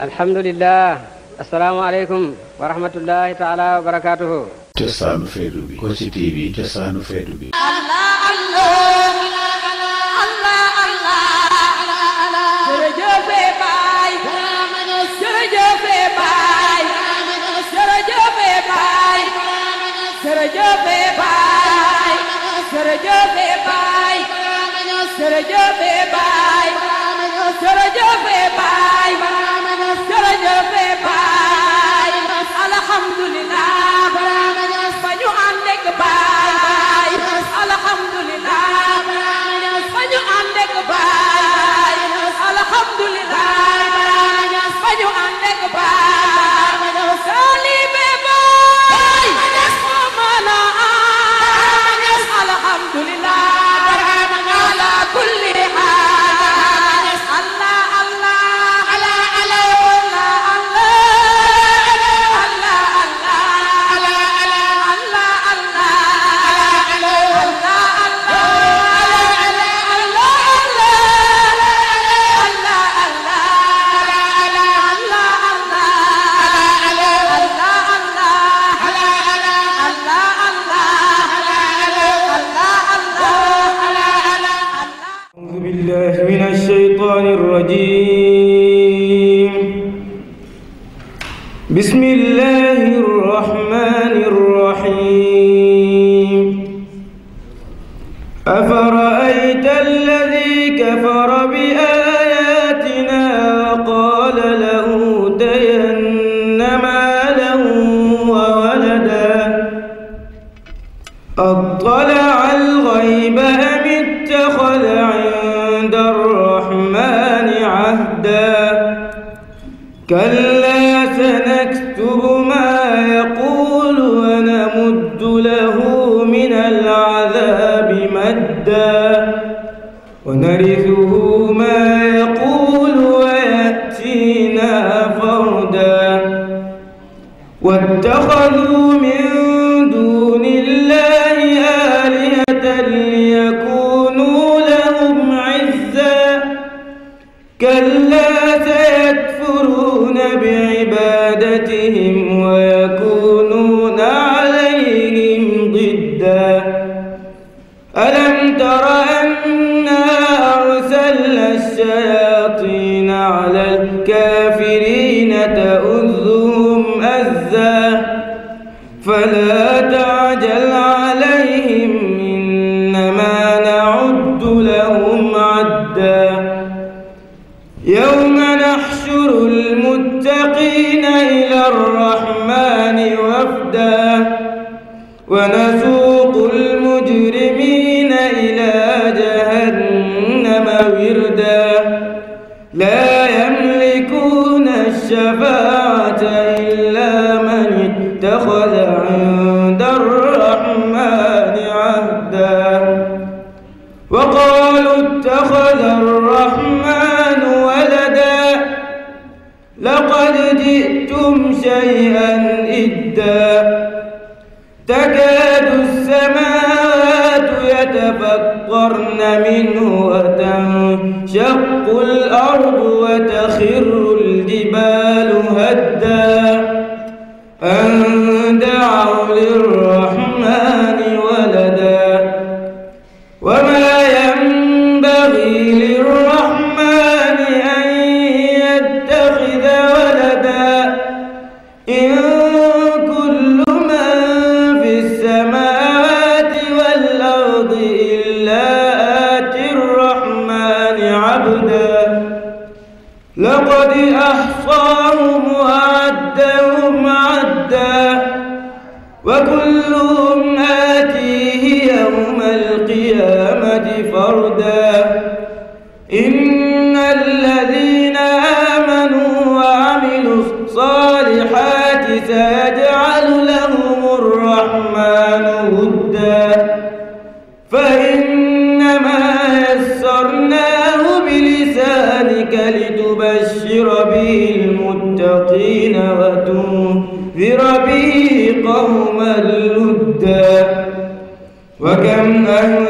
alhamdulillah asalaamaaleykum wa rahmatullahi taala wa barakaatuhu cosaanu feetu bi Kossy TV cosaanu feetu bi allah allah allah allah jërëjëf baay jërëjëf baay jërëjëf baay jërëjëf baay jërëjëf baay jërëjëf كلا سنكتب ما دعوا للرحمن Lord. من أهل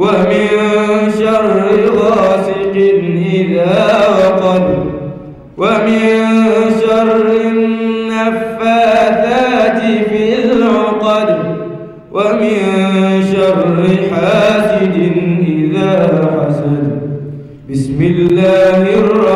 ومن شر غاسق إذا وقد ومن شر النفاثات في العقد ومن شر حاسد إذا حسد بسم الله الرحمن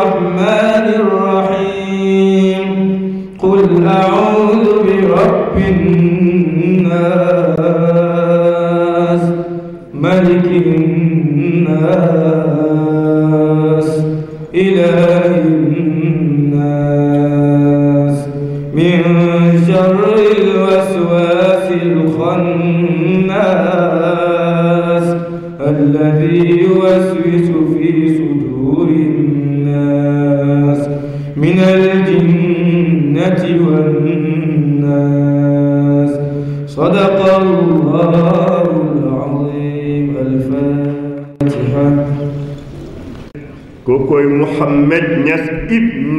ko koy Mouhamed Niass ibn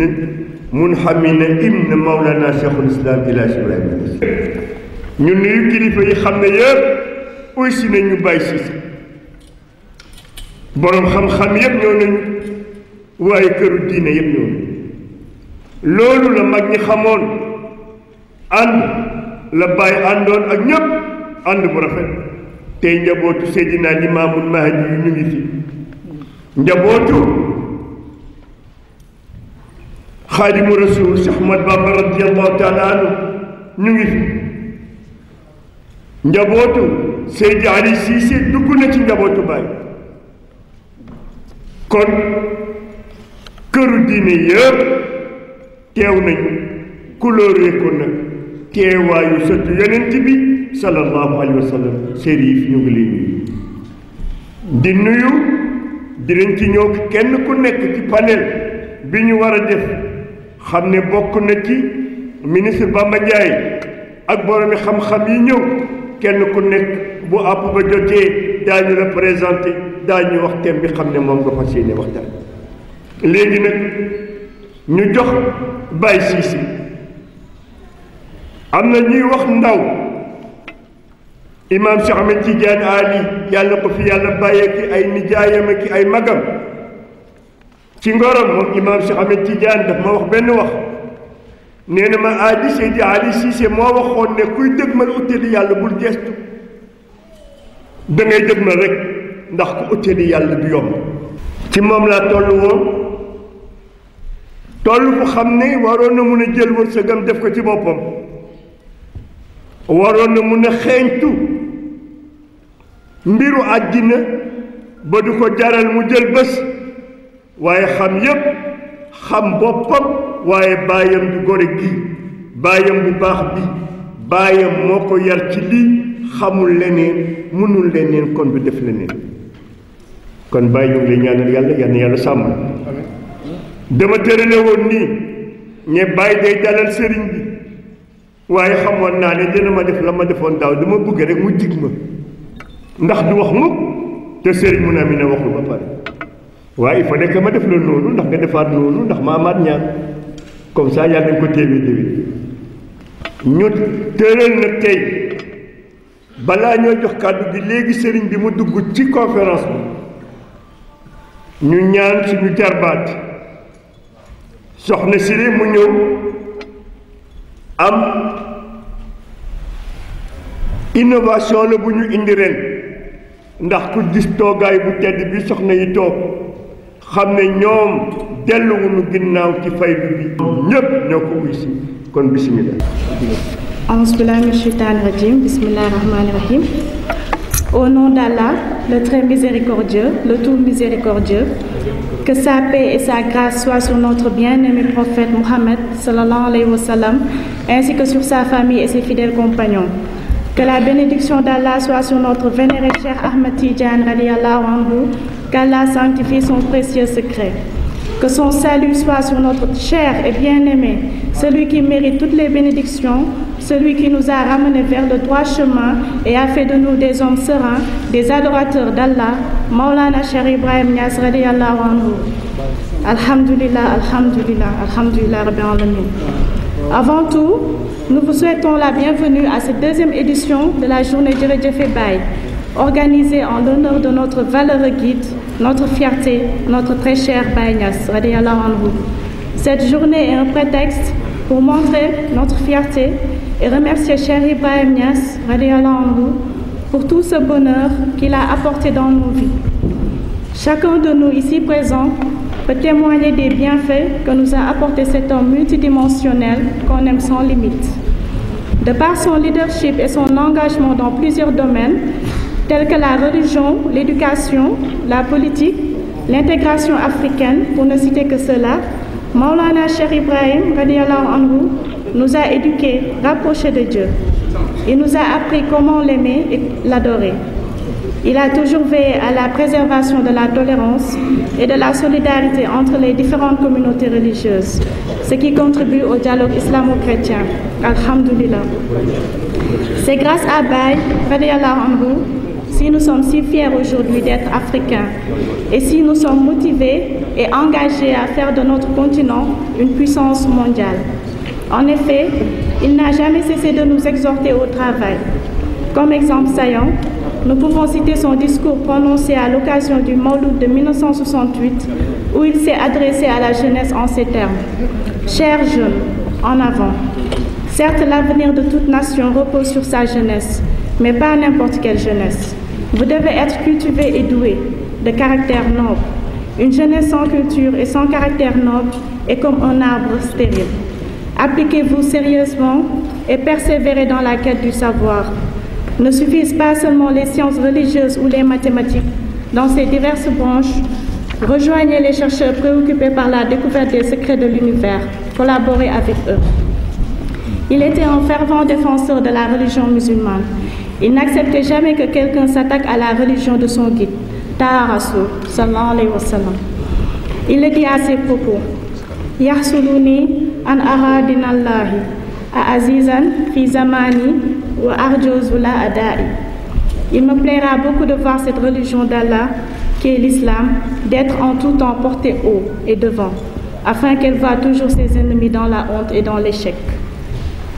Munhamina ibn Maulana Cheikhul Islam El Hadj Ibrahima Niass ñu nuyu kilifa yi xam ne yëpp aussi nañ ñu bàyyi si borom xam-xam yëpp ñëw nañu waaye këru diine yëpp ñëw nañu loolu la mag ñi xamoon ànd la bàyyi àndoon ak ñëpp ànd bu rafet tey njabootu Seydina Limaamul Mahdi yu ñu ngi fi njabootu xaadimu rasul si Ahmad radiallahu taala ñu ngi fi njabootu Seydi Ali Cissé dugg na ci njabootu Baay kon këru diine yëpp teew nañu kulooree ko nag teewaayu sëtu yonent bi sallallahu alayhi wa sallam ñu ngi lay nuyu di nuyu dinañ ci ñëw kenn ku nekk ci panel bi ñu war a def xamne ne bokk na ci ministre Bamba Ndiaye ak borom xam-xam yi ñëw kenn ku nekk bu àpp ba jotté dañu la présenté daañu wax té bi xamne mom nga fas yéene waxtaan léegi nag ñu jox bay sisi amna ñuy wax ndaw imam Cheikh Ahmed Tidiane Ali yàlla ko fi yàlla baye ki ay nijaayam ki ay magam ci ngorom moom imaam Cheikh Ahmed Tidiane daf ma wax benn wax nee na ma aadi Seydi Ali Cissé moo waxoon ne kuy dëgmal uttali yàlla bul gestu da ngay dëgmal rek ndax ku uttali yàlla du yomb ci moom laa toll woon toll fu xam ne waroon na mun a jël wërsëgam def ko ci boppam waroon na mun a xeeñtu mbiru àddina ba du ko jaral mu jël bés waaye xam yépp xam boppam waaye baayam bu gore gi baayam bu baax bi baayam moo ko yar ci lii xamul leneen mënul leneen kon du def leneen kon bàyyi ñu ngi lay ñaanal yàlla yàlla sàmm dama tërale woon nii ne bàyyi day dalal sëriñ bi waaye xamoon naa ne dina ma def la ma defoon daaw dama bëgg rek mu dig ma ndax du wax mukk te sëriñ mu naa mi ne waxul ba pare waaye il faut nekk ma def la loolu ndax nga defaat loolu ndax ma amaat ñaan comme ça yàlla nañ ko téeméer déwén ñu tëral nag tey balaa ñoo jox kàddu gi léegi sëriñ bi mu dugg ci conférence bi ñu ñaan suñu jarbaat soxna Siré mu ñëw am innovation la bu ñu indi ren ndax ku gis toogaay bu tedd bi soxna yi toog xamne ñom ñoom delluwuñu ginnaaw ci faylu bi ñëpp ñoko ko wuy kon bismillah aousbillah min shaitan rajim bismillahir rahmanir rahim au nom d'Allah le très miséricordieux le tout miséricordieux que sa paix et sa grâce soient sur notre bien-aimé prophète Mohammed sallallahu alayhi wa sallam ainsi que sur sa famille et ses fidèles compagnons que la bénédiction d'Allah soit sur notre vénéré cher Ahmed qu'Allah sanctifie son précieux secret. Que son salut soit sur notre cher et bien-aimé, celui qui mérite toutes les bénédictions, celui qui nous a ramenés vers le droit chemin et a fait de nous des hommes sereins, des adorateurs d'Allah, Maulana Cher Ibrahim Nias anhu. Alhamdulillah, alhamdulillah, alhamdulillah, rabbi alamin. Avant tout, nous vous souhaitons la bienvenue à cette deuxième édition de la journée du Baye, organisée en l'honneur de notre valeureux guide, notre fierté, notre très cher Baïnas, anhu. Cette journée est un prétexte pour montrer notre fierté et remercier cher Ibrahim Nias, anhu, pour tout ce bonheur qu'il a apporté dans nos vies. Chacun de nous ici présents peut témoigner des bienfaits que nous a apporté cet homme multidimensionnel qu'on aime sans limite. De par son leadership et son engagement dans plusieurs domaines, tels que la religion, l'éducation, la politique, l'intégration africaine, pour ne citer que cela, Maulana Cher Ibrahim anhu, nous a éduqués, rapprochés de Dieu. Il nous a appris comment l'aimer et l'adorer. Il a toujours veillé à la préservation de la tolérance et de la solidarité entre les différentes communautés religieuses, ce qui contribue au dialogue islamo-chrétien. Alhamdulillah. C'est grâce à Baye, Anhu, si nous sommes si fiers aujourd'hui d'être africains et si nous sommes motivés et engagés à faire de notre continent une puissance mondiale. En effet, il n'a jamais cessé de nous exhorter au travail. Comme exemple saillant, nous pouvons citer son discours prononcé à l'occasion du mois de 1968, où il s'est adressé à la jeunesse en ces termes. Chers jeunes, en avant. Certes, l'avenir de toute nation repose sur sa jeunesse, mais pas n'importe quelle jeunesse. Vous devez être cultivé et doué, de caractère noble. Une jeunesse sans culture et sans caractère noble est comme un arbre stérile. Appliquez-vous sérieusement et persévérez dans la quête du savoir, ne suffisent pas seulement les sciences religieuses ou les mathématiques. Dans ces diverses branches, rejoignez les chercheurs préoccupés par la découverte des secrets de l'univers, collaborez avec eux. Il était un fervent défenseur de la religion musulmane. Il n'acceptait jamais que quelqu'un s'attaque à la religion de son guide, Taha Salam alayhi wa sallam. Il le dit à ses propos Yahsuluni an aradinallahi, a azizan fi il me plaira beaucoup de voir cette religion d'Allah, qui est l'islam, d'être en tout temps portée haut et devant, afin qu'elle voie toujours ses ennemis dans la honte et dans l'échec.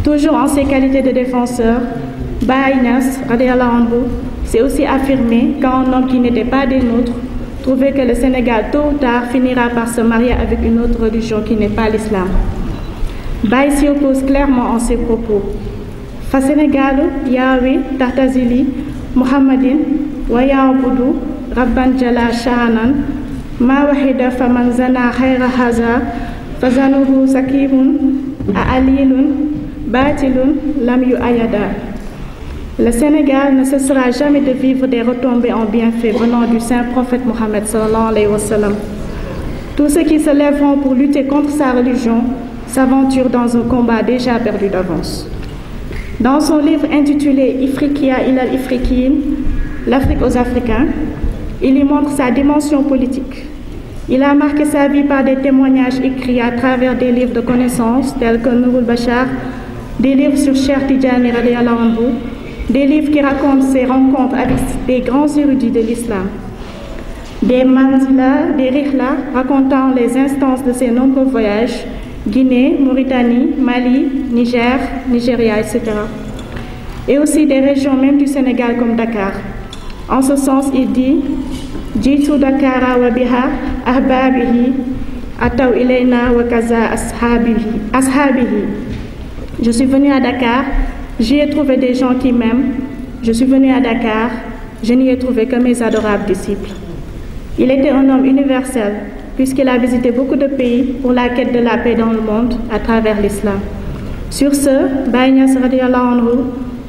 Toujours en ses qualités de défenseur, Baïnas, s'est aussi affirmé qu'un homme qui n'était pas des nôtres trouvait que le Sénégal, tôt ou tard, finira par se marier avec une autre religion qui n'est pas l'islam. Baï s'y oppose clairement en ses propos fa Sénégal, yaawi tahtazili muhammadin wa Budu, rabban jala shaanan ma wahida fa man zana haza fa zanuhu sakimun a alilun batilun lam ayada le Sénégal ne cessera jamais de vivre des retombées en bienfait venant du saint prophète Mohammed sallallahu alayhi wa sallam. Tous ceux qui se lèveront pour lutter contre sa religion s'aventurent dans un combat déjà perdu d'avance. Dans son livre intitulé Ifriqiya ilal Ifriqiyin, l'Afrique aux Africains, il y montre sa dimension politique. Il a marqué sa vie par des témoignages écrits à travers des livres de connaissances tels que Nouroul Bachar, des livres sur Cher Tidjani Radiallahu des livres qui racontent ses rencontres avec des grands érudits de l'islam, des manzilas, des Rihla racontant les instances de ses nombreux voyages, Guinée, Mauritanie, Mali, Niger, Nigeria, etc. Et aussi des régions même du Sénégal comme Dakar. En ce sens, il dit Je suis venu à Dakar, j'y ai trouvé des gens qui m'aiment. Je suis venu à Dakar, je n'y ai trouvé que mes adorables disciples. Il était un homme universel, puisqu'il a visité beaucoup de pays pour la quête de la paix dans le monde à travers l'islam. Sur ce, Baïnias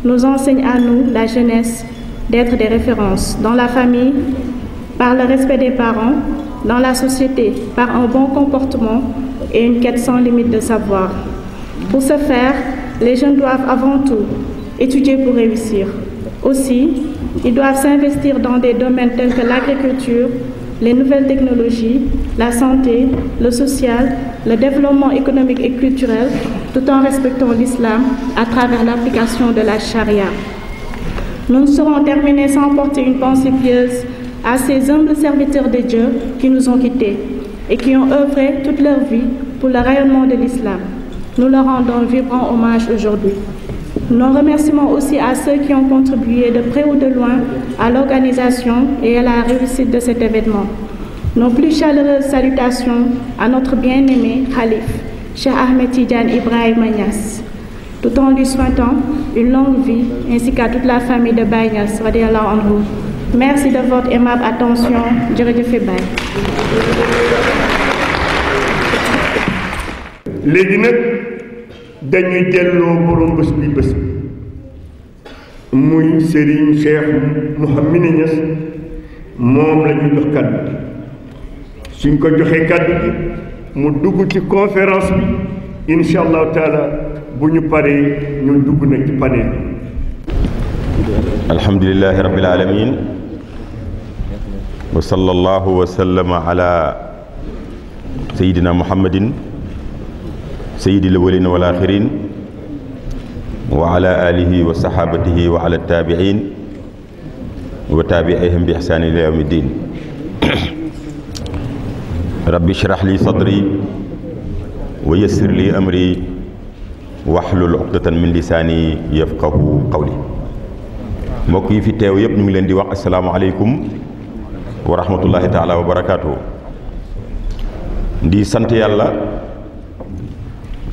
nous enseigne à nous, la jeunesse, d'être des références dans la famille, par le respect des parents, dans la société, par un bon comportement et une quête sans limite de savoir. Pour ce faire, les jeunes doivent avant tout étudier pour réussir. Aussi, ils doivent s'investir dans des domaines tels que l'agriculture, les nouvelles technologies, la santé, le social, le développement économique et culturel, tout en respectant l'islam à travers l'application de la charia. Nous ne serons terminés sans porter une pensée pieuse à ces humbles serviteurs de Dieu qui nous ont quittés et qui ont œuvré toute leur vie pour le rayonnement de l'islam. Nous leur rendons vibrant hommage aujourd'hui. Nos remerciements aussi à ceux qui ont contribué de près ou de loin à l'organisation et à la réussite de cet événement. Nos plus chaleureuses salutations à notre bien-aimé Khalif. Cheikh Ahmed Tijan Ibrahim Niass. Tout en lui souhaitant une longue vie, ainsi qu'à toute la famille de Baye Niass, Merci de votre aimable attention. Je vous léegi Les dañuy delloo borom bés bi bés bi muy Serigne Cheikh Mouhamed Niass Mohamed la ñu jox kàddu suñ ko joxee mu dugg ci conférence bi incha allahu taala bu ñu paree ñu dugg nag ci panel alhamdulilahi rabbil alamin wa sallallahu wa sallama ala sayidina muhammadin sayidi lawalin wal axirin wa ala alihi wa sahabatihi wa ala tabiin wa tabiihim bi ihsaan ila yawmi din رب اشرح لي صدري ويسر لي أمري واحلل عقدة من لساني يفقه قولي mbokk yi fi teew yëpp ñu ngi leen di wax asalaamaaleykum wa rahmatullahi taala wa barakaatu di sant yàlla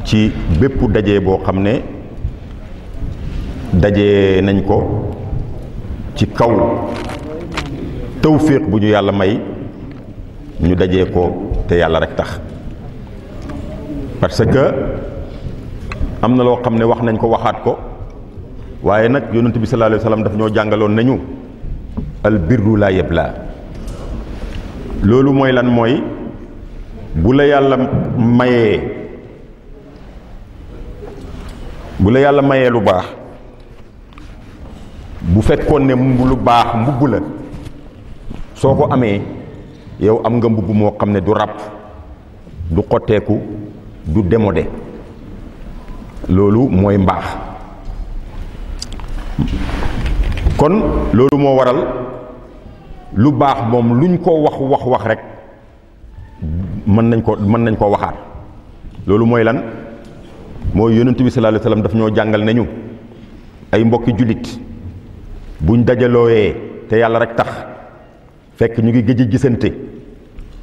ci bépp daje boo xam ne daje nañ ko ci kaw tawfiq bu ñu yàlla may ñu daje ko te yalla rek tax parce que amna lo xamne wax nañ ko waxat ko waye nak yonent bi sallallahu alayhi wasallam daf ñoo jangalon nañu al birru la yabla lolu moy lan moy bu la yalla maye bu la yalla maye lu baax bu fekkone mbu lu baax la soko amé yow am nga mbubb moo xam ne du ràpp du xotteeku du démodé loolu mooy mbaax kon loolu moo waral lu baax moom lu luñ ko wax wax wax rek mën nañ ko mën nañ koo waxaat loolu mooy lan moo yonent bi sallallahu alayhi wasallam daf ñoo jàngal nañu ay mbokki jullit buñ dajalooyee te yàlla rek tax fekk ñu ngi gëj a gisante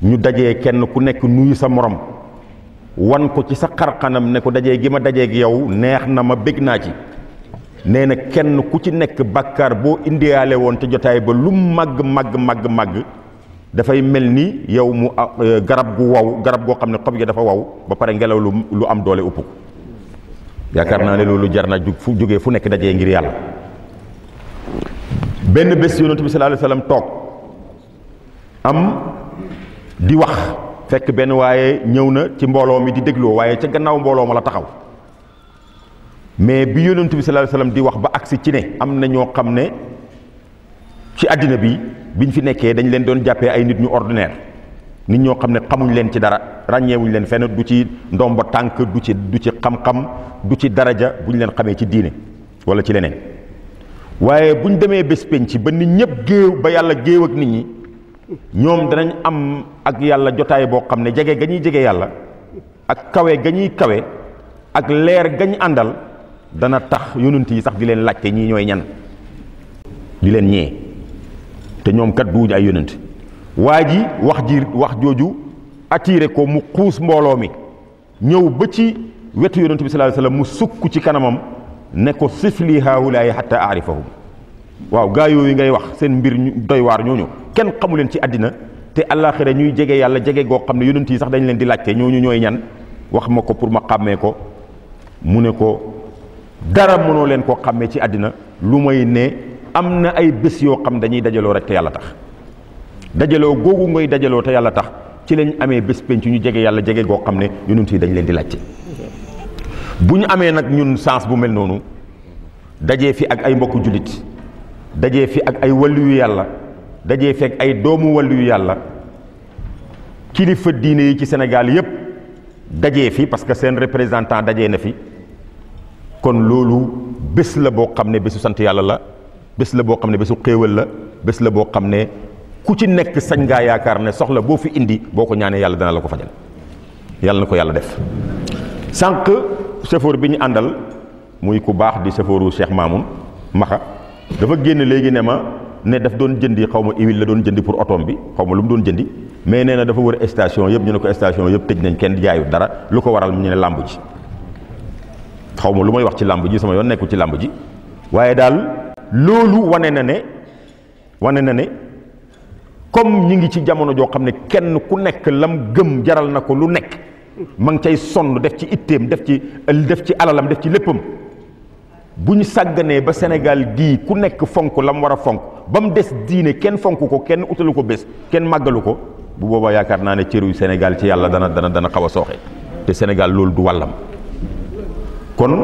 ñu daje kenn ku nekk nuyu sa morom wan ko ci sa xarxanam ne ko daje gi ma dajee ak yow neex na ma bég naa ci nee na kenn ku ci nekk bàkkaar boo indiyaale woon te jotaay ba lu màgg màgg màgg màgg dafay mel ni yow mu ah, euh, garab gu wow garab goo xam ne xob yi dafa wow ba pare ngelaw lu lu am doole upp ko yaakaar naa ne loolu jar na ju fu jógee fu nekk dajee ngir yàlla benn bés yonent bi sallallahu alayhi wasallam toog am di wax fekk benn waaye ñëw na ci mbooloo mi di dégloo waaye ca gannaaw mbooloo ma la taxaw mais bi yonent bi sallallahu alayhi wasallam di wax ba agsi ci ne am na ñoo xam ne ci àddina bi biñ fi nekkee dañ leen doon jàppee ay nit ñu ordinaire nit ñoo xam ne xamuñ leen ci dara ràññeewuñ leen fenn du ci ndomba tànk du ci du ci xam-xam du ci daraja bu ñu leen xamee ci diine wala ci leneen waaye buñ demee bés penc ba nit ñëpp géew ba yàlla géew nit ñi ñoom danañ am ak yàlla jotaay boo xam ne jege ga ñuy jege yàlla ak kawe ga ñuy kawe ak leer gañ àndal dana tax yonent yi sax di leen laajte ñii ñooy ñan di leen ñee te ñoom kat duuñu ay yonent waa ji wax ji wax jooju attiré ko mu xuus mbooloo mi ñëw ba ci wetu yonent bi sallallahu alayhi mu sukk ci kanamam ne ko sifli haawulaay hatta aarifahum waaw gaa yooyu ngay wax seen mbir doy waar ñooñu kenn xamu leen ci àddina te àllaaxira ñuy jege yàlla jege goo xam ne yonent yi sax dañ leen di laajte ñooñu ñooy ñan wax ma ko pour ma xàmmee ko mu ne ko dara mënoo leen koo xàmmee ci àddina lu may ne am na ay bés yoo xam dañuy dajaloo rek yàlla tax dajaloo googu ngay dajaloo yàlla tax ci lañ amee bés penc ñu jege yàlla jege goo xam ne yonent yi dañ leen di laajte bu ñu amee nag ñun sens bu mel noonu dajee fi ak ay mbokku jullit dajee fi ak ay wàllu yàlla dajee fi ak ay doomu wàllu yu yàlla kilifa diine yi ci Sénégal yépp dajee fi parce que seen représentant dajee na fi kon loolu bés la boo xam ne bésu sant yàlla la bés la boo xam ne bésu xéewal la bés la boo xam ne ku ci nekk sañ ngaa yaakaar ne soxla boo fi indi boo ko ñaanee yàlla dana la ko fajal yàlla na ko yàlla def sànq chauffeur bi ñu àndal muy ku baax di chauffeuru Cheikh Mamoun Maxa dafa génn léegi ne ma ne daf doon jëndi xaw ma huile la doon jëndi pour otoom bi xaw ma lu mu doon jëndi mais nee na dafa wër station yëpp ñu ne ko station yëpp tëj nañ kenn jaayut dara lu ko waral mu ñu ne làmb ji xaw ma lu may wax ci làmb ji sama yoon nekkul ci làmb ji waaye daal loolu wane na ne wane na ne comme ñi ngi ci jamono joo xam ne kenn ku nekk lam gëm jaral na ko lu nekk ma ngi cay sonn def ci itteem def ci def ci alalam def ci léppam bu ñu sàgganee ba Sénégal gii ku nekk fonk la mu war a fonk ba mu des diine kenn fonk ko kenn utalu ko bés kenn màggalu ko bu boobaa yaakaar naa ne cëru Sénégal ci yàlla dana dana dana xaw a sooxe te Sénégal loolu du wàllam kon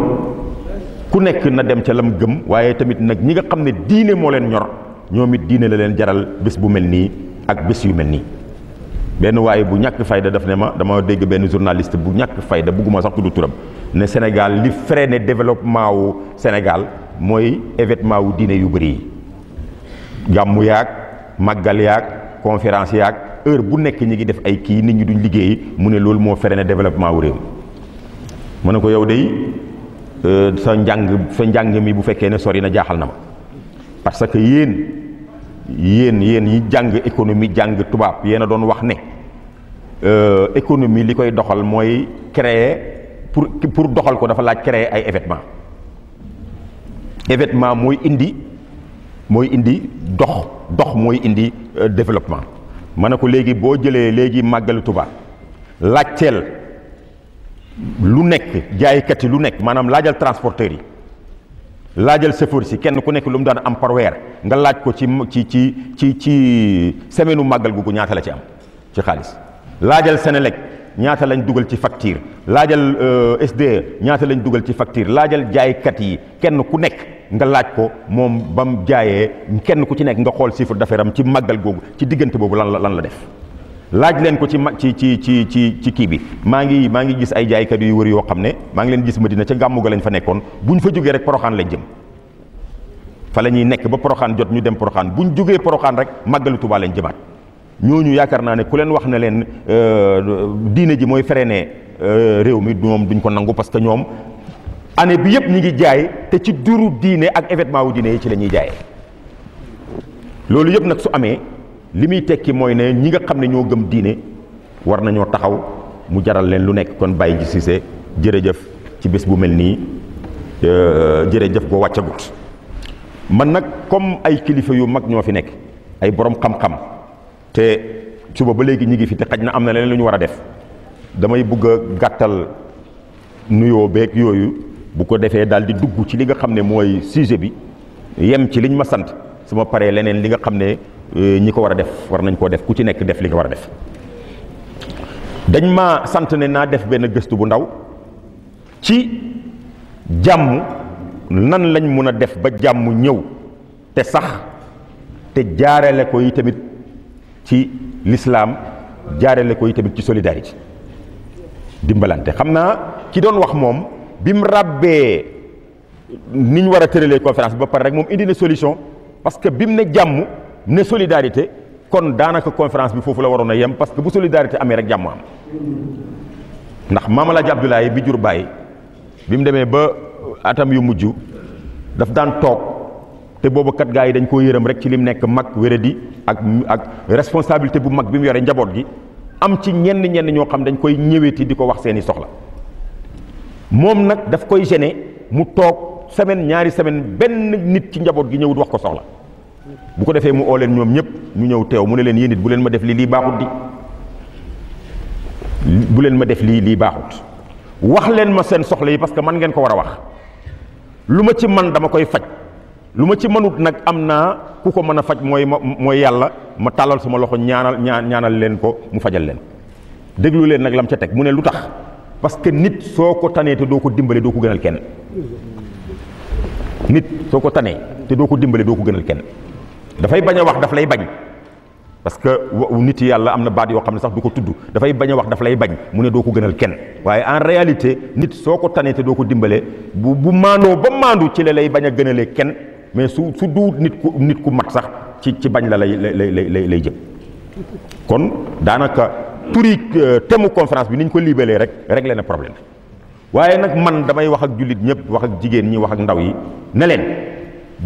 ku nekk na dem ca la mu gëm waaye tamit nag ñi nga xam ne diine moo leen ñor ñoom it diine la leen jaral bés bu mel nii ak bés yu mel nii benn waaye bu ñàkk fayda daf ne ma dama dégg benn journaliste bu ñàkk fayda bugguma sax tudd turam ne Sénégal li ne développement wu Sénégal mooy événement wu diine yu bëri yi gàmmu yaag màggal yaag conférence yaag heure bu nekk ñi ngi def ay kii nit ñi duñ liggéey mu ne loolu moo ne développement wu réew mu ne ko yow day euh, sa njàng sa njàng mi bu fekkee ne sori na jaaxal na ma parce que yéen yéen yéen yi jàng économie jàng tubaab yéen a doon wax ne euh, économie li koy doxal mooy créer pour pour doxal ko dafa laaj créer ay événement évétement mooy indi mooy indi dox dox mooy indi euh, développement ma ne ko léegi boo jëlee léegi màggalu tubaab laajteel lu nekk jaaykat lu nekk maanaam laajal transporteurs yi laajal sëfoor si kenn ku nekk lu mu daan am par nga laaj ko ci ci ci ci ci semaine màggal googu ñaata la ci am ci xaalis laajal Senelec ñaata lañ dugal ci facture laajal euh, SDE ñaata lañ dugal ci facture laajal jaaykat yi kenn ku nekk nga laaj ko moom ba mu jaayee kenn ku ci nekk nga xool chiffre d'affaires am ci màggal googu ci diggante boobu lan la lan la def laaj leen ko ci mag ci ci ci ci ci kii bi maa ngi maa ngi gis ay jaaykat yu wër yoo xam ne maa ngi leen gis dina ca gàmmu ga fa nekkoon bu ñu fa jógee rek poroxaan lañ jëm fa la ñuy nekk ba poroxaan jot ñu dem poroxaan bu ñu jógee poroxaan rek màggalu Tuubaa lañ jëmaat ñooñu yaakaar naa ne ku leen wax na leen euh, diine ji mooy freiné euh, réew mi ñoom duñ ko nangu parce que ñoom année bi yëpp ñu ngi jaay te ci duru diine ak événement wu diine yi ci la ñuy jaayee loolu yëpp nag su amee. li muy tekki mooy ne ñi nga xam ne ñoo gëm diine war nañoo taxaw mu jaral leen lu nekk kon bàyyi ji Cissé jërëjëf ci bés bu mel nii euh, jërëjëf boo wàccagut man nag comme ay kilifa yu mag ñoo fi nekk ay borom xam-xam te suba ba léegi ñi ngi fi te xaj na am na leneen lu ñu war a def damay bëgg a gàttal nuyoo beeg yooyu bu ko defee daal di dugg ci li nga xam ne mooy sujet bi yem ci liñ ma sant suma paree leneen li nga xam ne Euh, ñi ko war a def war nañ koo def ku ci nekk def li nga war a def dañ ma sant ne naa def benn gëstu bu ndaw ci jàmm nan lañ mun a def ba jàmm ñëw te sax te jaarale ko yi tamit ci lislaam jaarale ko yi tamit ci solidarité dimbalante xam naa ki doon wax moom bi mu ràbbee ni ñu a tëralee conférence ba pare rek moom indi na solution parce que bi mu ne jàmm ne solidarité kon danaka conférence bi fofu la warona a yem parce que bu solidarité amé rek jamm am ndax mama la Abdoulaye bi jur baye bim démé ba atam yu mujj daf dan tok té bobu kat gaay dañ ko yërëm rek ci lim nek mak wéradi ak ak responsabilité bu mak bim yoré njabot gi am ci ñenn ñenn ño xam dañ koy ñëwéti diko wax seeni soxla mom nak daf koy gêné mu tok semaine ñaari semaine ben nit ci njabot gi ñëwut wax ko soxla bu ko defee mu oo leen ñoom ñëpp ñu ñëw teew mu ne leen yéen bu leen ma def lii lii baaxut di bu leen ma def lii lii baaxut wax leen ma seen soxla yi parce que man ngeen ko war a wax lu ma ci man dama koy faj lu ma ci mënut nag am naa ku ko mën a faj mooy ma mooy yàlla ma tàllal sama loxo ñaanal ñaan ñaanal leen ko mu fajal leen déglu leen nag lam ca teg mu ne lu tax parce que nit soo ko tanee te doo ko dimbale doo ko gënal kenn nit soo ko tanee te doo ko dimbale doo ko gënal kenn dafay bañ a wax daf lay bañ parce que nit yàlla am na baat yoo xam ne sax du ko tudd dafay bañ a wax daf lay bañ mu ne doo ko gënal kenn waaye en réalité nit soo ko tanee te doo ko dimbalee bu bu maandoo ba maandu ci la lay bañ a gënalee kenn mais su su du nit ku nit ku mat sax ci ci bañ la lay lay lay lay jëm kon daanaka turi euh, temu conférence bi ni ñu ko libalee rek réglé na problème waaye nag man damay wax ak jullit ñëpp wax ak jigéen ñi wax ak ndaw yi ne leen.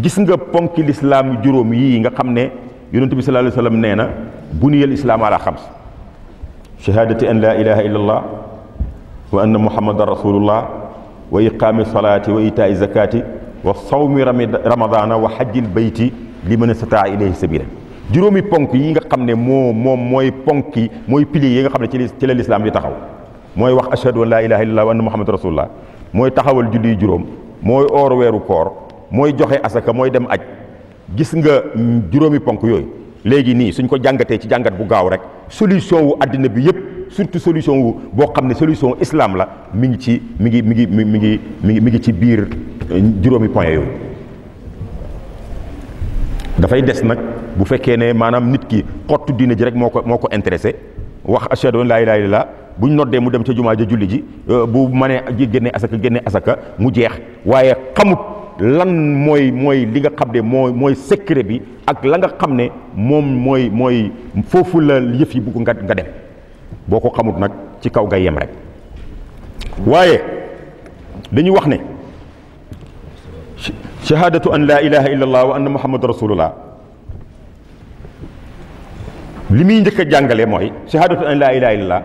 gis nga ponk l'islam juróom yi nga xam ne yonente bi sallallahu alayhi wasallam nee na buniyal islam ala xams shahadati an la ilaha illa allah wa anna muhammadan rasulullah wa iqami salati wa itaai zakati wa sawmi ramadana wa hajjil bayti liman istataa ilayhi sabila juróomi ponk yi nga xam ne moo moom mooy ponk yi mooy piliers yi nga xam ne ci ci la lislaam di taxaw mooy wax ashhadu an la ilaha illallah wa anna muhammadan rasulullah mooy taxawal julli juróom mooy oor weeru koor mooy joxe asaka mooy dem aj gis nga juróomi ponk yooyu léegi nii suñ ko jàngatee ci jàngat bu gaaw rek solution wu àddina bi yépp surtout solution wu boo xam ne solution islam la mi ngi ci mi ngi mi ngi mi ngi mi ngi mi ngi ci biir euh, juróomi point yooyu dafay des nag bu fekkee ne maanaam nit ki xottu diine ji rek moo ko moo ko intéressé wax ashhadu an laa ilaaha illallaah bu ñu noddee mu dem ca jumaa ja julli ji euh, bu mënee génne asaka génne asaka mu jeex waaye lan mooy mooy li nga xam ne moo mooy secret bi ak la nga xam ne moom mooy mooy foofu la yëf yi bugg nga nga dem boo ko xamut nag ci kaw nga yem rek waaye dañuy wax ne shahadatu an laa ilaha illa allah wa anna muhammadu rasulullah li muy njëkk a jàngale mooy shahadatu an laa ilaha illa allah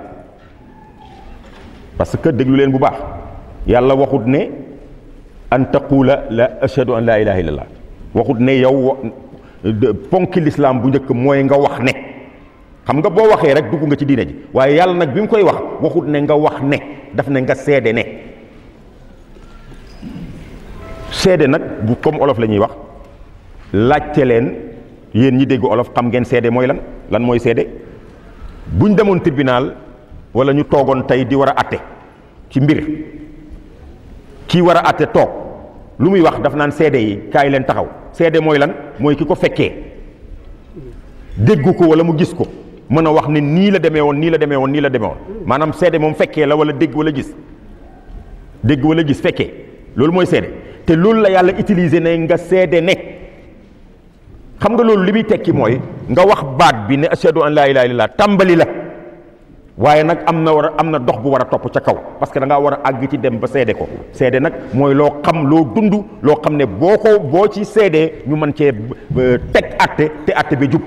parce que déglu bu baax yàlla waxut ne an taqula la ashhadu an laa ilaha illallah waxut ne yow ponki lislaam bu njëkk mooy nga wax ne xam nga boo waxee rek dugg nga ci diine ji waaye yàlla nag bi mu koy wax waxut ne nga wax ne daf ne nga seede ne seede nag bu comme olof la ñuy wax laajte leen yéen ñi dégg olof xam ngeen seede mooy lan lan mooy seede buñ demoon tribunal wala ñu toogoon tey di war a atte ci mbir kii war a àtte toog lu muy wax daf naan seede yi kaay leen taxaw seede mooy lan mooy ki ko fekkee déggu ko wala mu gis ko mën a wax ne nii la demee woon nii la demee woon nii la demee woon maanaam seede moom fekkee la wala dégg wala gis dégg wala gis fekkee loolu mooy seede te loolu la yàlla utiliser ne nga seede ne xam nga loolu li muy tekki mooy nga wax baat bi ne ashhadu an laa ilaaha illallaah tàmbali la waaye nag am na war a am na dox bu war a topp ca kaw parce que da war a àgg ci dem ba seede ko seede nag mooy loo xam loo dund loo xam ne boo ko boo ci seedee ñu mën cee teg atte te atte bi jub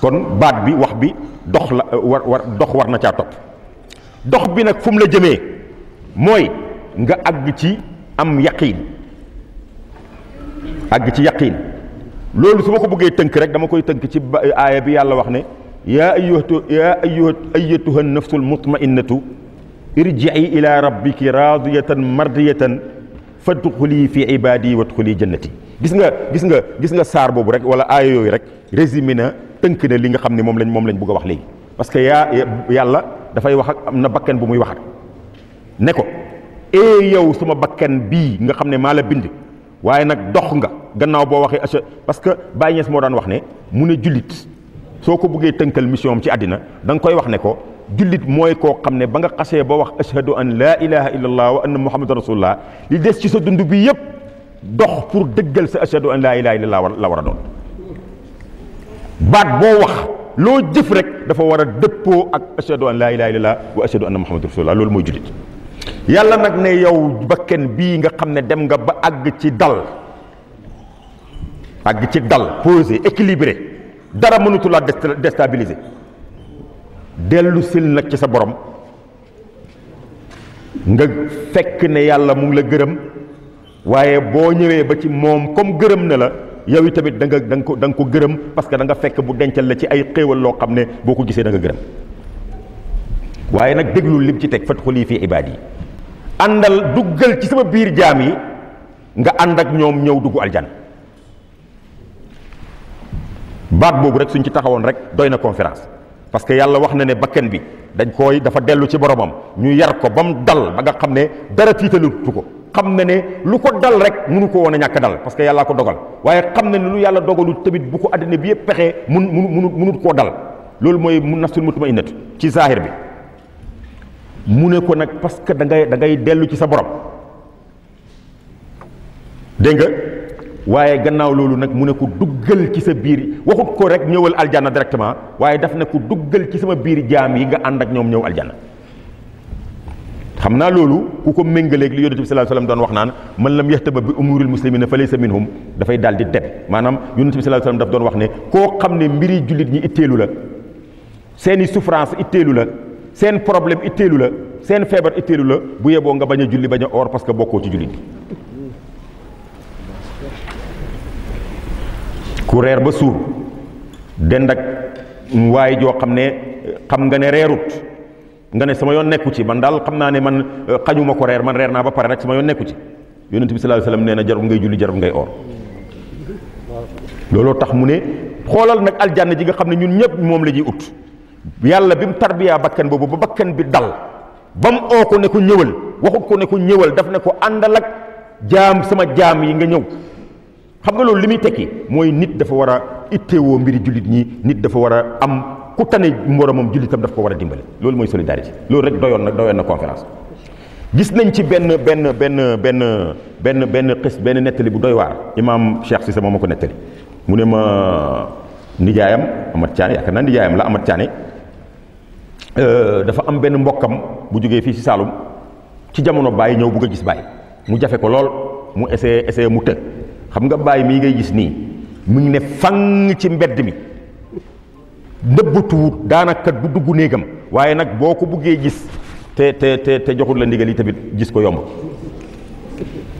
kon baat bi wax bi dox la war war dox war na caa topp dox bi nag fu la jëmee mooy nga àgg ci am yaqiin àgg ci yaqiin loolu su ma ko bëggee tënk rek dama koy tënk ci aaya bi yàlla wax ne يا أيها يا أيها أيتها النفس المطمئنة ارجعي إلى ربك راضية مرضية فادخلي في عبادي وادخلي جنتي غيسغا غيسغا غيسغا سار بوبو رك ولا آيو يوي رك ريزيمينا تنك نا ليغا خامني موم لاني موم لاني بوغا واخ لي باسكو يا يالا دا فاي واخ اك امنا باكن بوموي واخ نيكو اي يو سما باكن بي غا خامني مالا بيند واي نك دوخغا غناو بو واخي اش باسكو باي نيس مو دون واخ ني موني جوليت soko bëggee tënkal mission am ci àddina da nga koy wax ne ko jullit mooy koo xam ne ba nga xasee ba wax ashhadu an la ilaha illallah wa anna muhammadan rasulullah li des ci sa dund bi yépp dox pour dëggal sa ashhadu an la ilaha illallah la war a doon baat boo wax loo jëf rek dafa war a dëppoo ak ashhadu an la ilaha illallah wa ashhadu anna muhammadan rasulullah loolu mooy jullit yàlla nag ne yow bakken bii nga xam ne dem nga ba àgg ci dal àgg ci dal posé équilibré dara mënutu la déstabiliser dellu sil nak ci sa borom nga fekk ne yàlla mu ngi la gërëm waaye boo ñëwee ba ci moom comme gërëm na la yow yi tamit da nga da nga ko da nga ko gërëm parce que da nga fekk bu dencal la ci ay xéewal loo xam ne boo ko gisee da nga gërëm waaye nag déglu lim ci teg fadxuli fi ibaad yi àndal duggal ci sama biir jaam yi nga ànd ak ñoom ñëw dugg aljan baat boobu rek suñ ci taxawoon rek doy na conférence parce que yàlla wax na ne bakkan bi dañ koy dafa dellu ci boromam ñu yar ko ba mu dal ba nga xam ne dara tiitalutu ko xam na ne lu ko dal rek mënu ko woon a ñàkk dal parce que yàllaa ko dogal waaye xam na ne lu yàlla dogalu tamit bu ko àddina bi yëpp pexee mun munu munut koo dal loolu mooy mun nafsul mutuma innatu ci zahir bi mu ne ko nag parce que da ngay da dellu ci sa borom dégg nga waye gannaaw loolu nak mu ne ko duggal ci sa biir waxut ko rek ñëwal aljana directement waye daf ne ko duggal ci sama biir jaam yi nga ànd ak ñom ñëw aljana xamna naa ku ko mengale ak li yonente bi sallallahu alayhi wasallam doon wax naan man lam yahtaba bi umuril muslimina fa laysa minhum da fay daldi dem manam yonente bi sallallahu alayhi wasallam daf doon wax ne ko xamne mbiri julit ñi itelu la seeni souffrance itelu la seen problème itelu la seen feebar itelu la bu yeboo nga baña julli baña or parce que bokko ci julit ku reer ba suur dend ak waay joo xam ne xam nga ne reerut nga ne sama yoon nekku ci man daal xam naa ne man euh, xañuma ko reer man reer naa ba pare rek sama yoon nekku ci yonent bi sallallahu alayhi wasallam nee na jarul ngay julli ngay oor tax mu ne xoolal nag aljanna ji nga xam ne ñun ñëpp moom la ñuy ut yàlla bi mu tarbiyaa bakkan boobu ba bakkan bi dal ba mu ko ne ñëwal waxut ko ne ko ñëwal daf ne ko àndal ak jaam sama jaam yi nga ñëw xam nga loolu li muy tekki mooy nit dafa war a itteewoo mbiri jullit ñi nit dafa war a am ku tane moromam jullitam daf ko war a dimbale loolu mooy solidarité loolu rek doyoon na doyoon na conférence gis nañ ci benn benn benn benn benn benn xis benn nettali bu doy waar imam cheikh sisa moo ma ko nettali mu ne ma nijaayam amat tiane yaakaar naa nijaayam la amat caane euh, dafa am benn mbokkam bu jógee fii si saalum ci jamono bàyyi ñëw bugg a gis bàyyi mu jafe ko lool mu essayé essayé mu të xam nga bàyyi mii ngay gis nii mu ngi ne fang ci mbedd mi nëbbatuwut daanaka du dugg néegam waaye nag boo ko buggee gis te te te te joxul la ndigal yi tamit gis ko yomb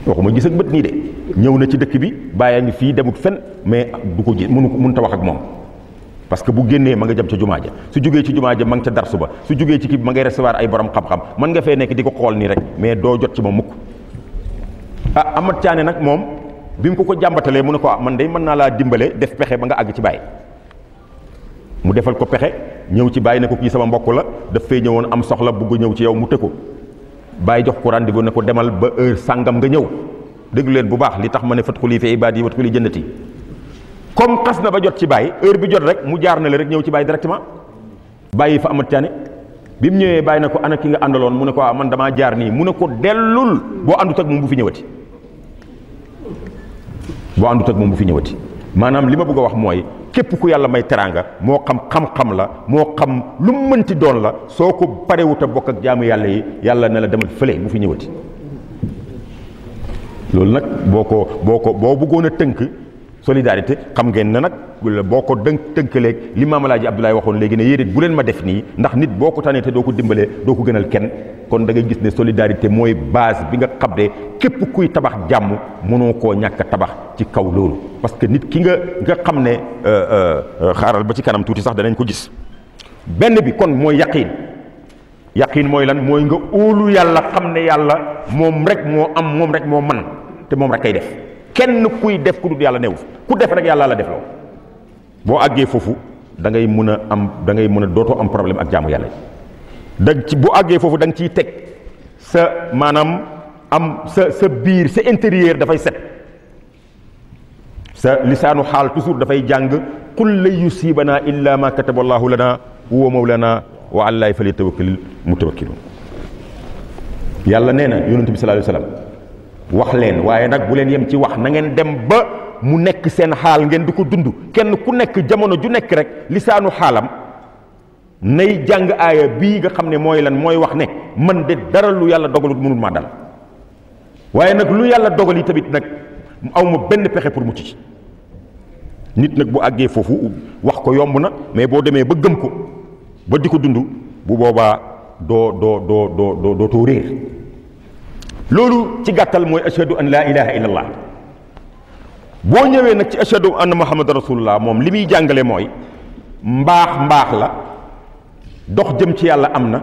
waxuma gis ak bët nii de ñëw na ci dëkk bi bàyyi ngi fii demut fen mais du ko gis ko mënu ta wax ak moom parce que bu génnee ma nga jëm ca jumaa ja su jógee ci jumaa ja ma nga ca darsu suba su jógee ci kii ma ngay recevoir ay borom xam-xam mën nga fee nekk di ko xool nii rek mais doo jot ci ma mukk ah, nag moom bi mu ko ko jàmbatalee mu ne ko ah, man dey mën naa laa dimbale def pexe ba nga àgg ci bàyyi mu defal ko pexe ñëw ci bàyyi ne ko kii sama mbokk la daf fay ñëwoon am soxla bugg ñëw ci yow mu tëkku bàyyi jox ko rendez-vous ne ko demal ba heure sàngam nga ñëw déglu leen bu baax li tax ma ne fatxuli fi ibaad yi watxuli jënnati comme xas na ba jot ci bàyyi heure bi jot rek mu jaar na le rek ñëw ci bàyyi directement bàyyi fa amat caane bi mu ñëwee bàyyi na ko ana ki nga àndaloon mu ne ko ah, man damaa jaar nii mu ne ko dellul boo àndut ak moom bu fi ñëwati boo àndut moom bu fi ñëwati maanaam li ma bëgg a wax mooy képp ku yàlla may teraanga moo xam xam-xam la moo xam lu mu mënti doon la soo ko parewut a bokk ak jaamu yàlla yi yàlla ne la demal fële bu fi ñëwati loolu nag boo ko boo ko boo bëggoon a tënk solidarité xam ngeen na nag boo ko dënk tënkaleeg li Maam Alaaji Abdoulaye waxoon léegi ne yéen bu leen ma def nii ndax nit boo ko tànnee te doo ko dimbalee doo ko gënal kenn kon da ngay gis ne solidarité mooy base bi nga xam ne képp kuy tabax jàmm mënoo koo ñàkk tabax ci kaw loolu parce que nit ki nga nga xam ne euh, euh, xaaral ba ci kanam tuuti sax danañ ko gis benn bi kon mooy yaqiin yaqiin mooy lan mooy nga óolu yàlla xam ne yàlla moom rek moo am moom rek moo man te moom rek kay def kenn kuy def ku dul yàlla newu ku def rek yàlla la def loo boo àggee foofu da ngay mën a am da ngay mën a dootoo am problème ak jaamu yàlla yi da ci bu àggee foofu da nga ciy teg sa maanaam am sa sa biir sa intérieur dafay set sa lisaanu xaal toujours dafay jàng qul la yusibanaa illa ma kataba allahu lana huwa mawlana wa alay fali tawakkil mutawakkilun yàlla nee na yonent bi sallallahu alayhi wa sallam wax leen waaye nag bu leen yem ci wax na ngeen dem ba mu nekk seen xaal ngeen di ko dund kenn ku nekk jamono ju nekk rek lisaanu xaalam nay jàng aaya bii nga xam ne mooy lan mooy wax ne man de dara lu yàlla dogalut mënul maa dal waaye nag lu yàlla dogal yi tamit nag aw ma benn pexe pour mucc ci nit nag bu àggee foofu wax ko yomb na mais boo demee ba gëm ko ba di ko dund bu boobaa doo doo doo doo doo dootoo lolu ci gàttal moy ashadu an la ilaha illallah bo ñewé nak ci ashadu an muhammad rasulullah mom limi jàngale moy mbax mbax la dox jëm ci yàlla amna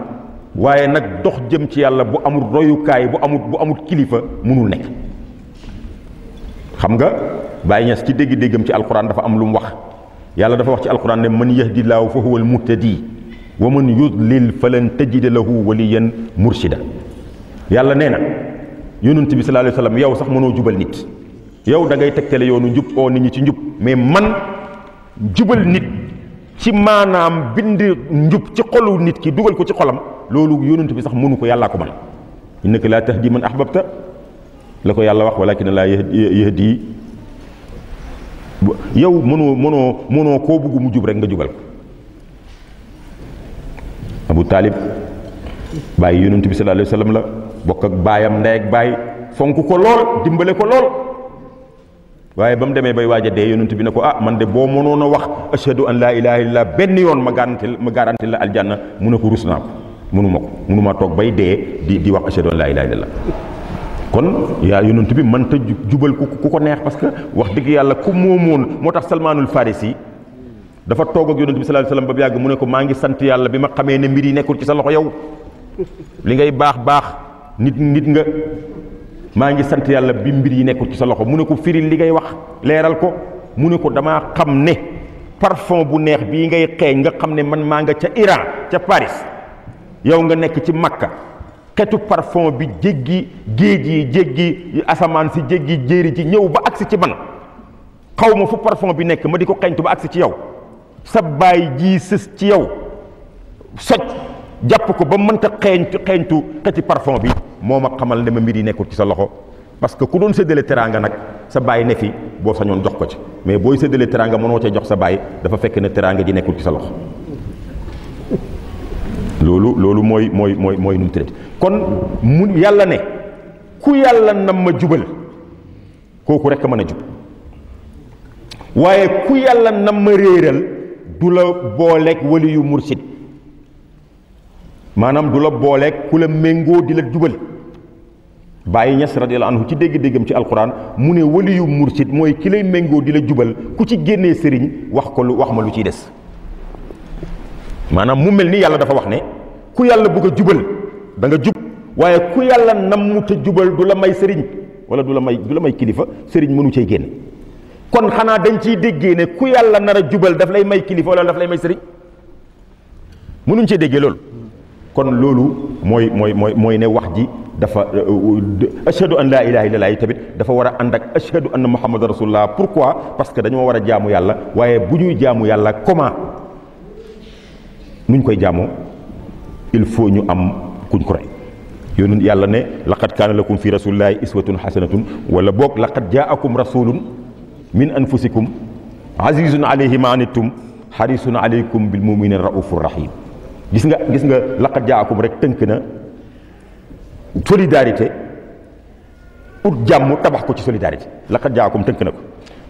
waye nak dox jëm ci yàlla bu amul kay bu amul bu amul kilifa mënul nek xam nga bay ñas ci deg degum ci alquran dafa am lu mu wax yàlla dafa wax ci alquran ne man yahdillahu fa huwa almuhtadi wa man yudlil falan tajid lahu waliyan murshida yàlla nee yonent bi sallallahu alayhi wasallam yow sax mëno jubal nit yow da ngay tegtale yonu njub o nit ñi ci njub mais man jubal nit ci manam bind njub ci xolu nit ki duggal ko ci xolam lolu yonent bi sax mënu ko yalla ko man innaka la tahdi man ahbabta lako yàlla wax walakin la yahdi yow mëno mëno mëno ko bëggu mu jub rek nga jubal abu talib bàyyi yonent bi sallallahu alayhi wasallam la bokk ak baayam ndey ak baay fonk ko lool dimbale ko lool waaye ba mu demee bay waaj a dee yonent bi ne ko ah man de boo mënoon a wax ashhadu an laa ilaha illallah benn yoon ma garanti ma garanti la aljanna mu ne ko rus naa ko mënuma ko mënuma toog bay dee di di wax ashhadu an laa ilaha illallah kon yaa yonent bi mënta jubal ku ku ko neex parce que wax dëgg yàlla ku moomoon moo tax salmaanul farisi dafa toog ak yonent bi sallallahu alayhi wasallam ba mu yàgg mu ne ko maa ngi sant yàlla bi ma xamee ne mbir yi nekkul ci sa loxo yow nit nit nga maa ngi sant yàlla bi mbir yi nekkul ci sa loxo mu ne ko firil li ngay wax leeral ko mu ne ko dama xam ne parfum bu neex bii ngay xeeñ nga xam ne man maa nga ca Iran ca Paris yow nga nekk ci Makka xetu parfum bi jéggi géej yi jéggi asamaan si jéggi jéeri ci ñëw ba agsi ci man xaw ma fu parfum bi nekk ma di ko xeeñtu ba agsi ci yow sa baay jii sës ci yow soj jàpp ko ba mënta xeeñtu xeeñtu xeti parfum bi moo ma xamal ne ma mbir yi nekkul ci sa loxo parce que ku doon séddale teraanga nag sa baay ne fi boo sañoon jox ko ci mais booy séddale teraanga mënoo cee jox sa bàyyi dafa fekk ne teraanga ji nekkul ci sa loxo loolu loolu mooy mooy mooy mooy nu mu kon mu yàlla ne ku yàlla nam ma jubal kooku rek mën a jub waaye ku yàlla nam ma réeral du la booleeg wali yu mursid maanaam du la booleeg ku la méngoo di la jubal bàyyi ñas radiyallahu anhu ci dégg-déggam ci alquran mu ne waliyu mursid mooy ki lay méngoo di la jubal ku ci génnee sëriñ wax ko lu wax ma lu ciy des maanaam mu mel ni yàlla dafa wax ne ku yàlla bëgg a jubal da nga jub waaye ku yàlla namm te jubal du la may sëriñ wala du la may du la may kilifa sëriñ mënu cee génn kon xanaa dañ ciy déggee ne ku yàlla nar a jubal daf lay may kilifa wala daf lay may sëriñ mënuñ cee déggee kon loolu mooy mooy mooy mooy ne wax ji dafa ashadu an la ilaha illallah yi tamit dafa war a ànd ak ashadu anna muhammadan rasulullah pourquoi parce que dañoo war a jaamu yàlla waaye bu ñuy jaamu yàlla comment nuñ koy jaamoo il faut ñu am kuñ ko rey yoonu yàlla ne laqad kaana lakum fi rasulillahi iswatun hasanatun wala boog laqad jaakum rasulun min anfusikum azizun alayhi ma anittum xarisun alaykum bil muminin raufur rahim gis nga gis nga laqat jaakum rek tënk na solidarité ut jàmm tabax ko ci solidarité laqat jaakum tënk na ko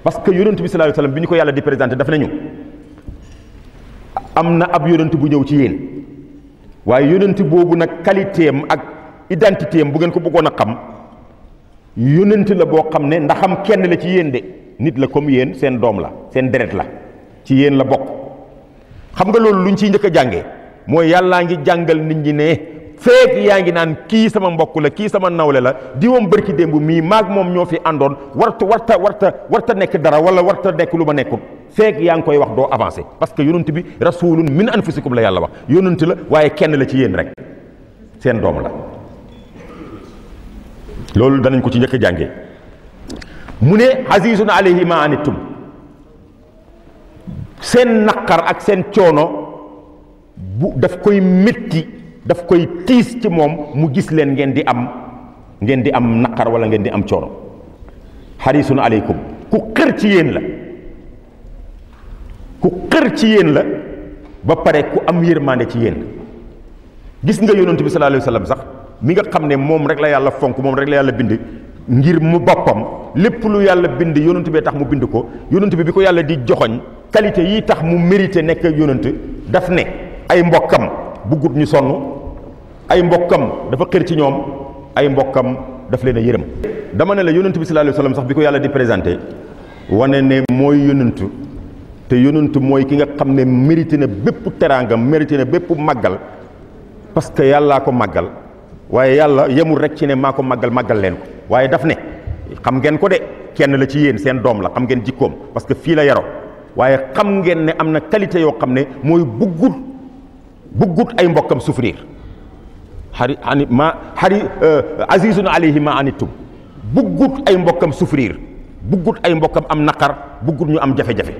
parce que yonent bi sallallahu alayhi wasallam bi ñu ko yàlla di présenté daf nañu am na ab yonent bu ñëw ci yéen waaye yonent boobu nag qualité ak identité am bu ngeen ko bëggoon a xam yonent la boo xam ne ndaxam kenn la ci yéen de nit la comme yéen seen doom la seen deret la ci yéen la bokk xam nga loolu luñ ciy njëkk a jàngee mooy yàllaa ngi jàngal nit ñi ne feek yaa ngi naan kii sama mbokk la kii sama nawle la diwam moom bërki démb mii maak moom ñoo fi àndoon warta warta warta warta nekk dara wala warta nekk lu ma nekkul feek yaa ngi koy wax doo avancé parce que yonent bi rasulun min anfusikum la yàlla wax yonent la waaye kenn la ci yéen rek seen doom la loolu danañ ko ci njëkk jàngee mu ne azizun alayhi ma anittum seen naqar ak seen coono bu daf koy métti daf koy tiis ci moom mu gis leen ngeen di am ngeen di am naqar wala ngeen di am coono xarisun aleykum ku xër ci yéen la ku xër ci yéen la ba pare ku am yërmande ci yéen gis nga yonent bi sallallahu alayhi wasallam sax mi nga xam ne moom rek la yàlla fonk moom rek la yàlla bind ngir mu boppam lépp lu yàlla bind yonent bee tax mu bind ko yonent bi bi ko yàlla di joxoñ qualité yi tax mu mérité nekk yonent daf ne ay mbokkam buggut ñu sonn ay mbokkam dafa xër ci ñoom ay mbokkam daf leen a yërëm dama ne la yonent bi sallallahu sax bi ko yàlla di présenté wane ne mooy yonent te yonent mooy ki nga xam ne mérité na bépp teraangam mérité na bépp màggal parce que yàllaa ko màggal waaye yàlla yemul rek ci ne maa ko màggal màggal leen ko waaye daf ne xam ngeen ko de kenn la ci yéen seen doom la xam ngeen jikkoom parce que fii la yaro waaye xam ngeen ne am na qualité yoo xam ne bëggut ay mbokkam souffrir xari ani ma xari euh, azizun alayhi ma anittum bëggut ay mbokkam souffrir bëggut ay mbokkam am naqar buggut ñu am jafe-jafe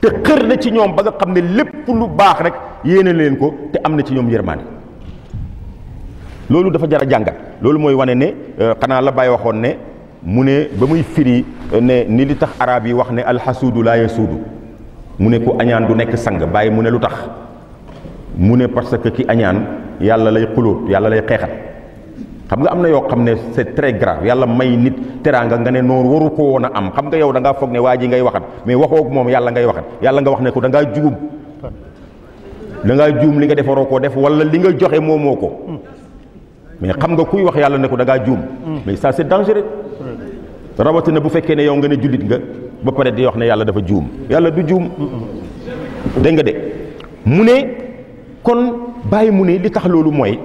te xër na ci ñoom ba nga xam ne lépp lu baax rek yéene leen ko te am na ci ñoom yërmaande loolu dafa jar a jàngat loolu mooy wane ne euh, xanaa la Baay waxoon ne mu ne ba muy firi euh, ne ni li tax arab yi wax ne alxasuudu laa yasuudu mu ne ku añaan du nekk sang Baay mu ne lu tax mu ne parce que ki añaan yàlla lay xulóot yàlla lay xeexat xam nga am na yoo xam ne c'est très grave yàlla may nit teraanga nga ne noonu waru ko woon a am xam nga yow da ngaa foog ne waa ji ngay waxat mais waxoo moom yàlla ngay waxat yàlla nga wax ne ko da ngaa juum da ngaa juum li nga defaroo koo def wala li nga joxe moomoo ko mais xam nga kuy wax yàlla ne ko da ngaa juum mais ça c'est bu fekkee ne yow nga ne jullit nga ba pare di wax ne yàlla dafa juum yàlla du juum dégg de mu ne kon bàyyi mu ne li tax loolu mooy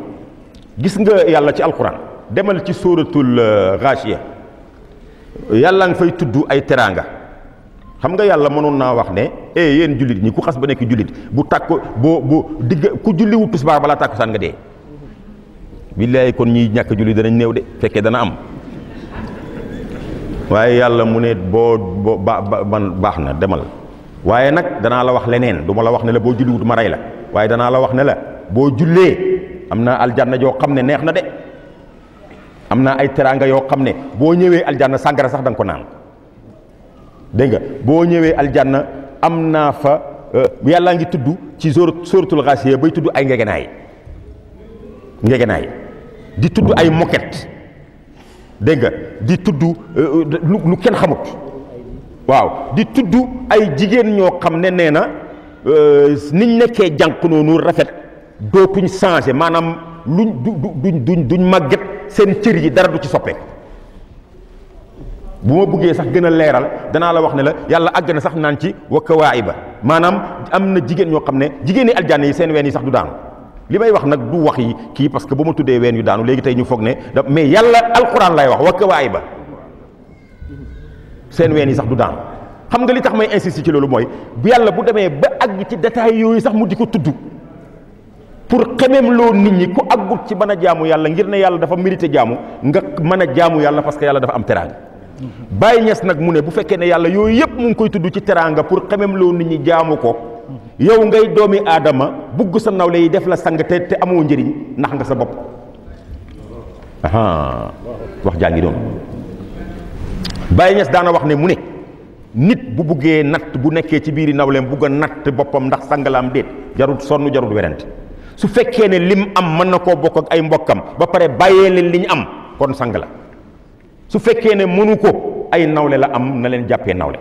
gis nga yàlla ci alquran demal ci sóoratul Gaasiya euh, yàlla nga fay tudd ay teraanga xam nga yàlla mënoon naa wax ne eh yéen jullit ñi ku xas ba nekk jullit bu tàkk boo bu digg ku julliwu tisbaar balaa tàkkusaan nga dee billaay kon ñii ñàkk julli danañ néew de fekkee dana am waaye yàlla mu ne boo boo baax na demal waaye nag danaa la wax leneen du ma la wax ne la boo julliwut ma rey la waaye danaa la wax ne la boo jullee am na aljanna joo xam ne neex na de am naa ay teraanga yoo xam ne boo ñëwee aljanna sàngara sax danga ko naan dégg nga boo ñëwee aljanna am naa fa euh, yàllaa ngi tudd ci sóoratul Gaasiya bay tudd ay ngegenaay ngegenaay di tudd ay moquette dégg nga di tudd euh, lu kenn xamut waaw di tudd ay jigéen ñoo xam ne nee na Euh, niñ nekkee jànq noonu rafet dootuñ changé maanaam luñ du duñ duñ duñ màgget seen cër yi dara du ci soppe bu ma bëggee sax gën a leeral danaa la wax ne la yàlla àgg na sax naan ci waay ba maanaam am na jigéen ñoo xam ne jigéeni aljanna yi seen ween yi sax du daanu li may wax nag du wax yi kii parce que bu ma tuddee ween yu daanu léegi tey ñu foog ne da mais yàlla alquran lay wax waay ba seen ween yi sax du daanu xam nga li tax may insisté ci loolu mooy bu yàlla bu demee ba àgg ci détail yooyu sax mu di ko tudd pour xemeem loo nit ñi ku àggut ci mën a jaamu yàlla ngir ne yàlla dafa mérité jaamu nga mën a jaamu yàlla parce que yàlla dafa am teraanga bàyyi ñes nag mu ne bu fekkee ne yàlla yooyu yëpp mu ngi koy tudd ci teraanga pour xemeem loo nit ñi jaamu ko yow ngay doomi aadama bugg sa nawle yi def la sang te te amoo njëriñ ndax nga sa bopp wax jaa ngi doon bàyyi ñes daana wax ne mu ne nit bu buggee natt bu nekkee ci biir biiri nawleem bugg a natt boppam ndax sangalaam déet jarut sonn jarut werante su fekkee ne lim am mën na koo bokk ak ay mbokkam ba pare bàyyee leen li ñu am kon sang la su fekkee ne mënu ko ay nawle la am na leen jàppee nawle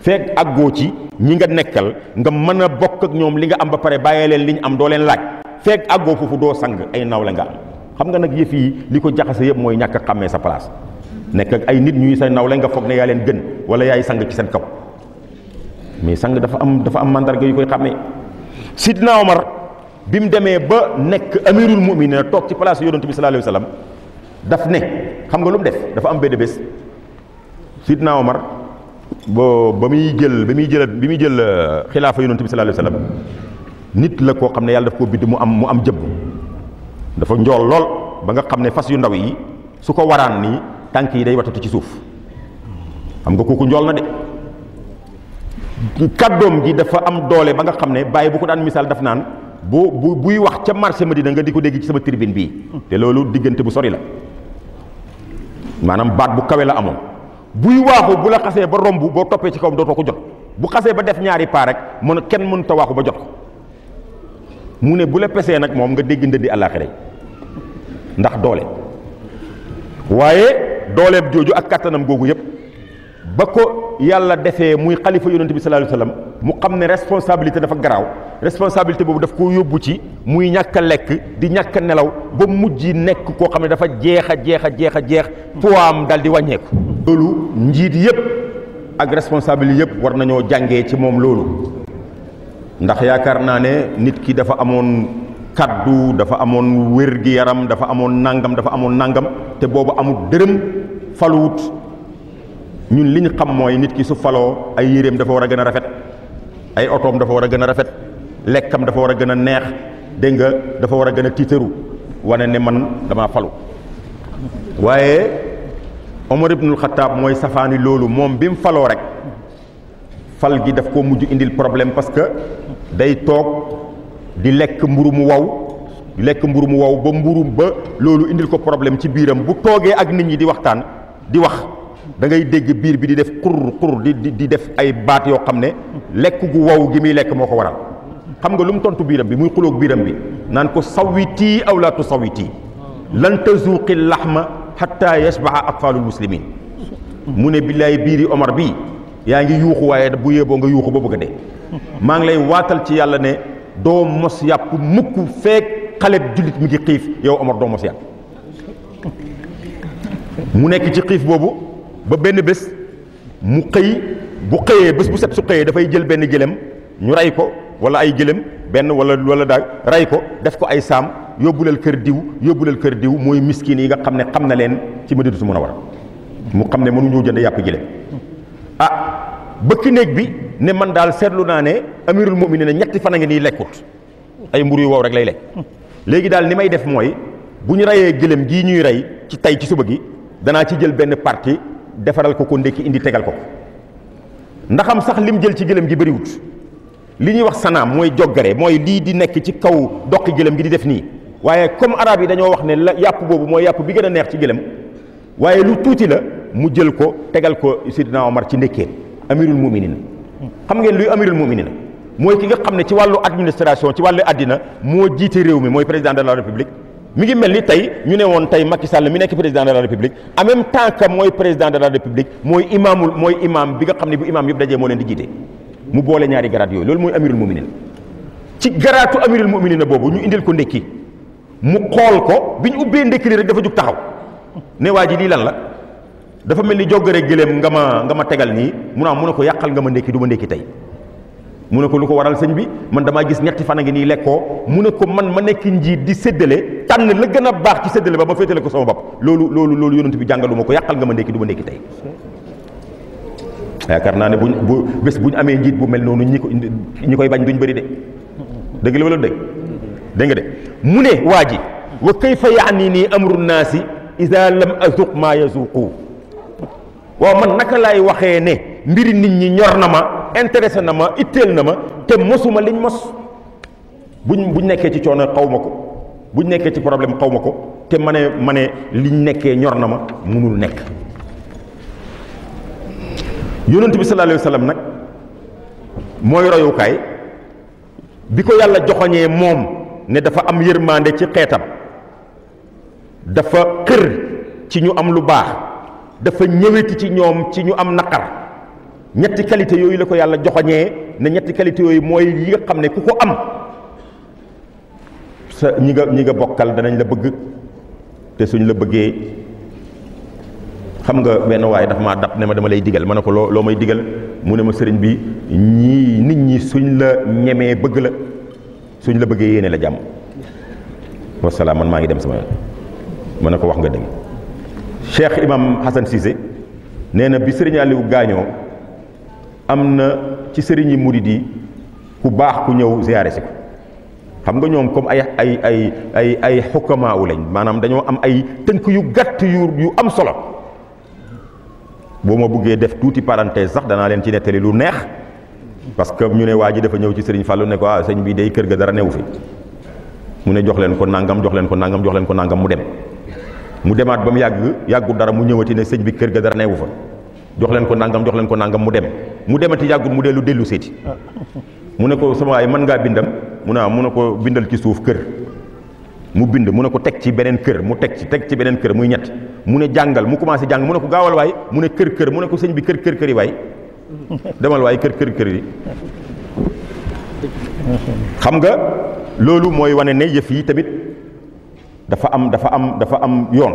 fekk àggoo ci ñi nga nekkal nga mën a bokk ak ñoom li nga am ba pare bàyyee li ñu am doo leen laaj fekk àggoo foofu doo sang ay nawle nga am xam nga nag yëf yi li ko jaxase yëpp mooy ñàkk a xàmmee sa place nekk ak ay nit ñuy sa naw lañ nga foog ne yaa leen gën wala yaay sang ci seen kaw mais sang dafa am dafa am mandarga yu koy xàmmee sidna Omar bi mu demee ba nekk amirul mu'minin toog ci place yonent bi sallallahu alayhi wa daf ne xam nga lu mu def dafa am benn bés sidna Omar ba muy jël ba muy jël bi muy jël euh, xilaafa yonent bi sallallahu alayhi wa sallam nit la koo xam ne yàlla daf koo bind mu am mu am jëmm dafa njool lool ba nga xam ne fas yu ndaw yi su ko waraan nii tanki day watatu ci suuf xam nga kooku njool na de kaddom gi dafa am doole ba nga xamne ne bu ko dan misal daf nan bu buy wax ci marché medina nga di deg ci sama tribune bi te lolu digeunte bu sori la manam baat bu kawe la amoon buy waxu bu la xasse ba rombu bo topé ci kawam dootoo ko jot bu xasse ba def ñaari pa rek mon ken mënut ta waxu ba jot ko mu ne bu la pesee nak mom nga deg ndëddi ndax doole waye dooleeb jooju ak kattanam googu yëpp ba ko yàlla defee muy xalifa yonent bi sallallahu alayhi mu xam ne responsabilité dafa garaaw responsabilité boobu dafa koo yóbbu ci muy ñàkk a lekk di ñàkk nelaw ba mujj yi nekk koo xam ne dafa jeex a jeex a jeex a jeex poids dal di wàññeeku. loolu njiit yëpp ak responsabilité yëpp war nañoo jàngee ci moom loolu ndax yaakaar naa ne nit ki dafa amoon. kaddu dafa amoon wér gi yaram dafa amoon nangam dafa amoon nangam te booba amul dërëm faluwut ñun li ñu xam mooy nit ki su faloo ay yéreem dafa war a gën a rafet ay otoom dafa war a gën a rafet lekkam dafa war a gën a neex dégg nga dafa war a gën a tiitaru wane ne man damaa falu waaye Omar ibnul Xataab mooy safaani loolu moom bi mu faloo rek fal gi daf koo mujj indil problème parce que day toog. di lekk mburu mu wow di lekk mburu mu wow ba mburu ba loolu indil ko problème ci biiram bu toogee ak nit ñi di waxtaan di wax dangay dégg biir bi di def xur xur di di def ay baat yoo xam ne lekk gu wow gi muy lekk moo ko waral xam nga lu mu tontu biiram bi muy xuloog biiram bi naan ko sawi sawitii aw laatu laa tusawitii lan tazuuqi laxma xatta yashbaa atfaalul muslimin mu ne billaay biiri Omar bii yaa ngi yuuxu waaye bu yeboo nga yuuxu ba bëgg dee doom mos yàpp mukk feek xale jullit mi ngi xiif yow Omar doo mos yàpp mu nekk ci xiif boobu ba benn bés mu xëy bu xëyee bés bu set su xëyee dafay jël benn gëlem ñu rey ko wala ay gëlem benn wala wala daal rey ko def ko ay saam yóbbuleel kër diw yóbbuleel kër diw mooy miskin yi nga xam ne xam na leen ci Madinatu Munawwara mu xam ne mënuñoo jënd yàpp gëlem ah, bëkk néeg bi ne man daal seetlu naa ne amirul mu'minin ne ñetti fan a ngi nii lekkut ay mburu yu wow rek lay lekk léegi daal li may def mooy bu ñu reyee gëlëm gii ñuy rey ci tay ci suba gi danaa ci jël benn parti defaral ko ko ndékki indi tegal ko ko ndaxam sax li mu jël ci gëlëm gi bariwut li ñuy wax sanaam mooy joggare mooy lii di nekk ci kaw doqi gëlëm gi di def nii waaye comme arab yi dañoo wax ne la yàpp boobu mooy yàpp bi gën a neex ci gëlëm waaye lu tuuti la mu jël ko tegal ko sidina Omar ci ndékkeen amirul muminin xam ngeen luy amirul muminin mooy ki nga xam ne ci wàllu administration ci wàllu àddina moo jiite réew mi mooy président de la république mi ngi mel ni tey ñu ne woon tey Macky Sall mu nekk président de la république en même temps que mooy président de la république mooy imaamul mooy imaam bi nga xam ne bu imaam yëpp dajee moo leen di jiite mu boole ñaari garaat yooyu loolu mooy amirul muminin ci garaatu amirul muminin boobu ñu indil ko ndékki mu xool ko bi ñu ubbee ndékki li rek dafa jug taxaw ne waa ji lii lan la dafa mel ni joggare gëléem nga ma nga ma tegal nii mu a ah, mu ne ko yàqal nga ma ndékki du ma ndékki tey mu ne ko lu ko waral sëñ bi man damaa gis ñetti fan a ngi nii lekkoo mu ne ko man ma nekk njiit di séddale tànn la gën a baax ci séddale ba ma féetale ko sama bopp loolu loolu loolu yonent bi jàngalu ma ko yàqal nga ma ndékki du ma ndékki tey yaakaar naa ne buñ bu bés bu ñu amee njiit bu mel noonu ñi ko ñi koy bañ ñu bari de dëgg la wala dëgg dégg nga de mu ne waa ji wa kayfa yaani nii amru naasi ida lam azuq maa yazuqu waaw man naka laay waxee ne mbiri nit ñi ñor na ma intéressé na ma itteel na ma te mosuma liñ mos buñ buñ nekkee ci coono xaw ma ko buñ nekkee ci problème xaw ma ko te ma ne ma ne liñ nekkee ñor na ma munul nekk yonent bi nag mooy royukaay bi ko yàlla joxoñee moom ne dafa am yërmande ci xeetam dafa kër ci ñu am lu baax dafa ñëweti ci ñoom ci ñu am naqar ñetti qualité yooyu la ko yàlla joxoñee ne ñetti qualité yooyu mooy yi nga xam ne ku ko am sa ñi nga ñi nga bokkal danañ la bëgg te suñ la bëggee xam nga wenn waaye dafa maa dab ne ma dama lay digal ma ne ko loo loo may digal mu ne ma sëriñ bi ñii nit ñi suñ la ñemee bëgg la suñ la bëggee yéene la jàmm wasalaam man maa ngi dem sama yoon ma ne ko wax nga dëgg Cheikh Imam Hassan Cissé nee na bi Serigne Aliou gaañoo am na ci sëriñ yi murid di ku baax ku ñëw ziyaare si ko xam nga ñoom comme ay ay ay ay ay xukkamaa wu lañ maanaam dañoo am ay tënk yu gàtt yu yu am solo boo ma buggee def tuuti parenthèse sax danaa leen ci nettali lu neex parce que ñu ne waa ji dafa ñëw ci sëriñ fàllu ne ah sëñ bi day kër ga dara newu fi mu ne jox leen ko nangam jox leen ko nangam jox leen ko nangam mu dem mu demaat ba mu yàgg yàggul dara mu ñëwati ne sëñ bi kër ga dara newu fa jox leen ko nangam jox leen ko nangam mu dem mu demati yàggul mu dellu dellu seeti mu ne ko sama ay man ngaa bindam mu ne mu ne ko bindal ci suuf kër mu bind mu ne ko teg ci beneen kër mu teg ci teg ci beneen kër muy ñett mu ne jàngal mu commencé jàng mu ne ko gaawal waay mu ne kër kër mu ne ko sëñ bi kër kër kër yi waay demal waay kër kër kër yi xam nga loolu mooy wane ne yëf yi tamit dafa am dafa am dafa am yoon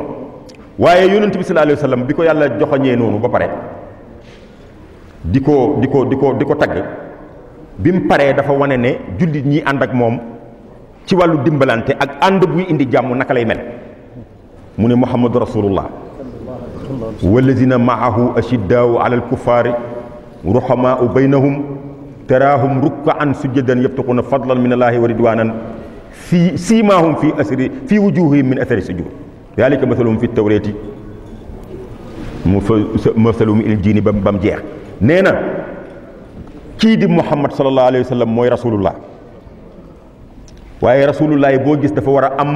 waaye yonent bi sallallahu alayhi bi ko yàlla joxoñee noonu ba pare di ko di ko di ko di ko tagg bi mu paree dafa wane ne jullit ñi ànd ak moom ci wàllu dimbalante ak ànd buy indi jàmm naka lay mel mu ne muhammadu rasulullah walladina maahu ashiddaau ala alkufaari ruhamaau baynahum taraahum rukkaan sujjadan yabtaquuna fadlan min allaahi wa ridwanan في سيماهم في أثر في وجوههم من أثر السجود ذلك مثلهم في التوراة مثلهم الجين بام جيخ نينا كيد محمد صلى الله عليه وسلم موي رسول الله واي رسول الله يبو جيس دافا ام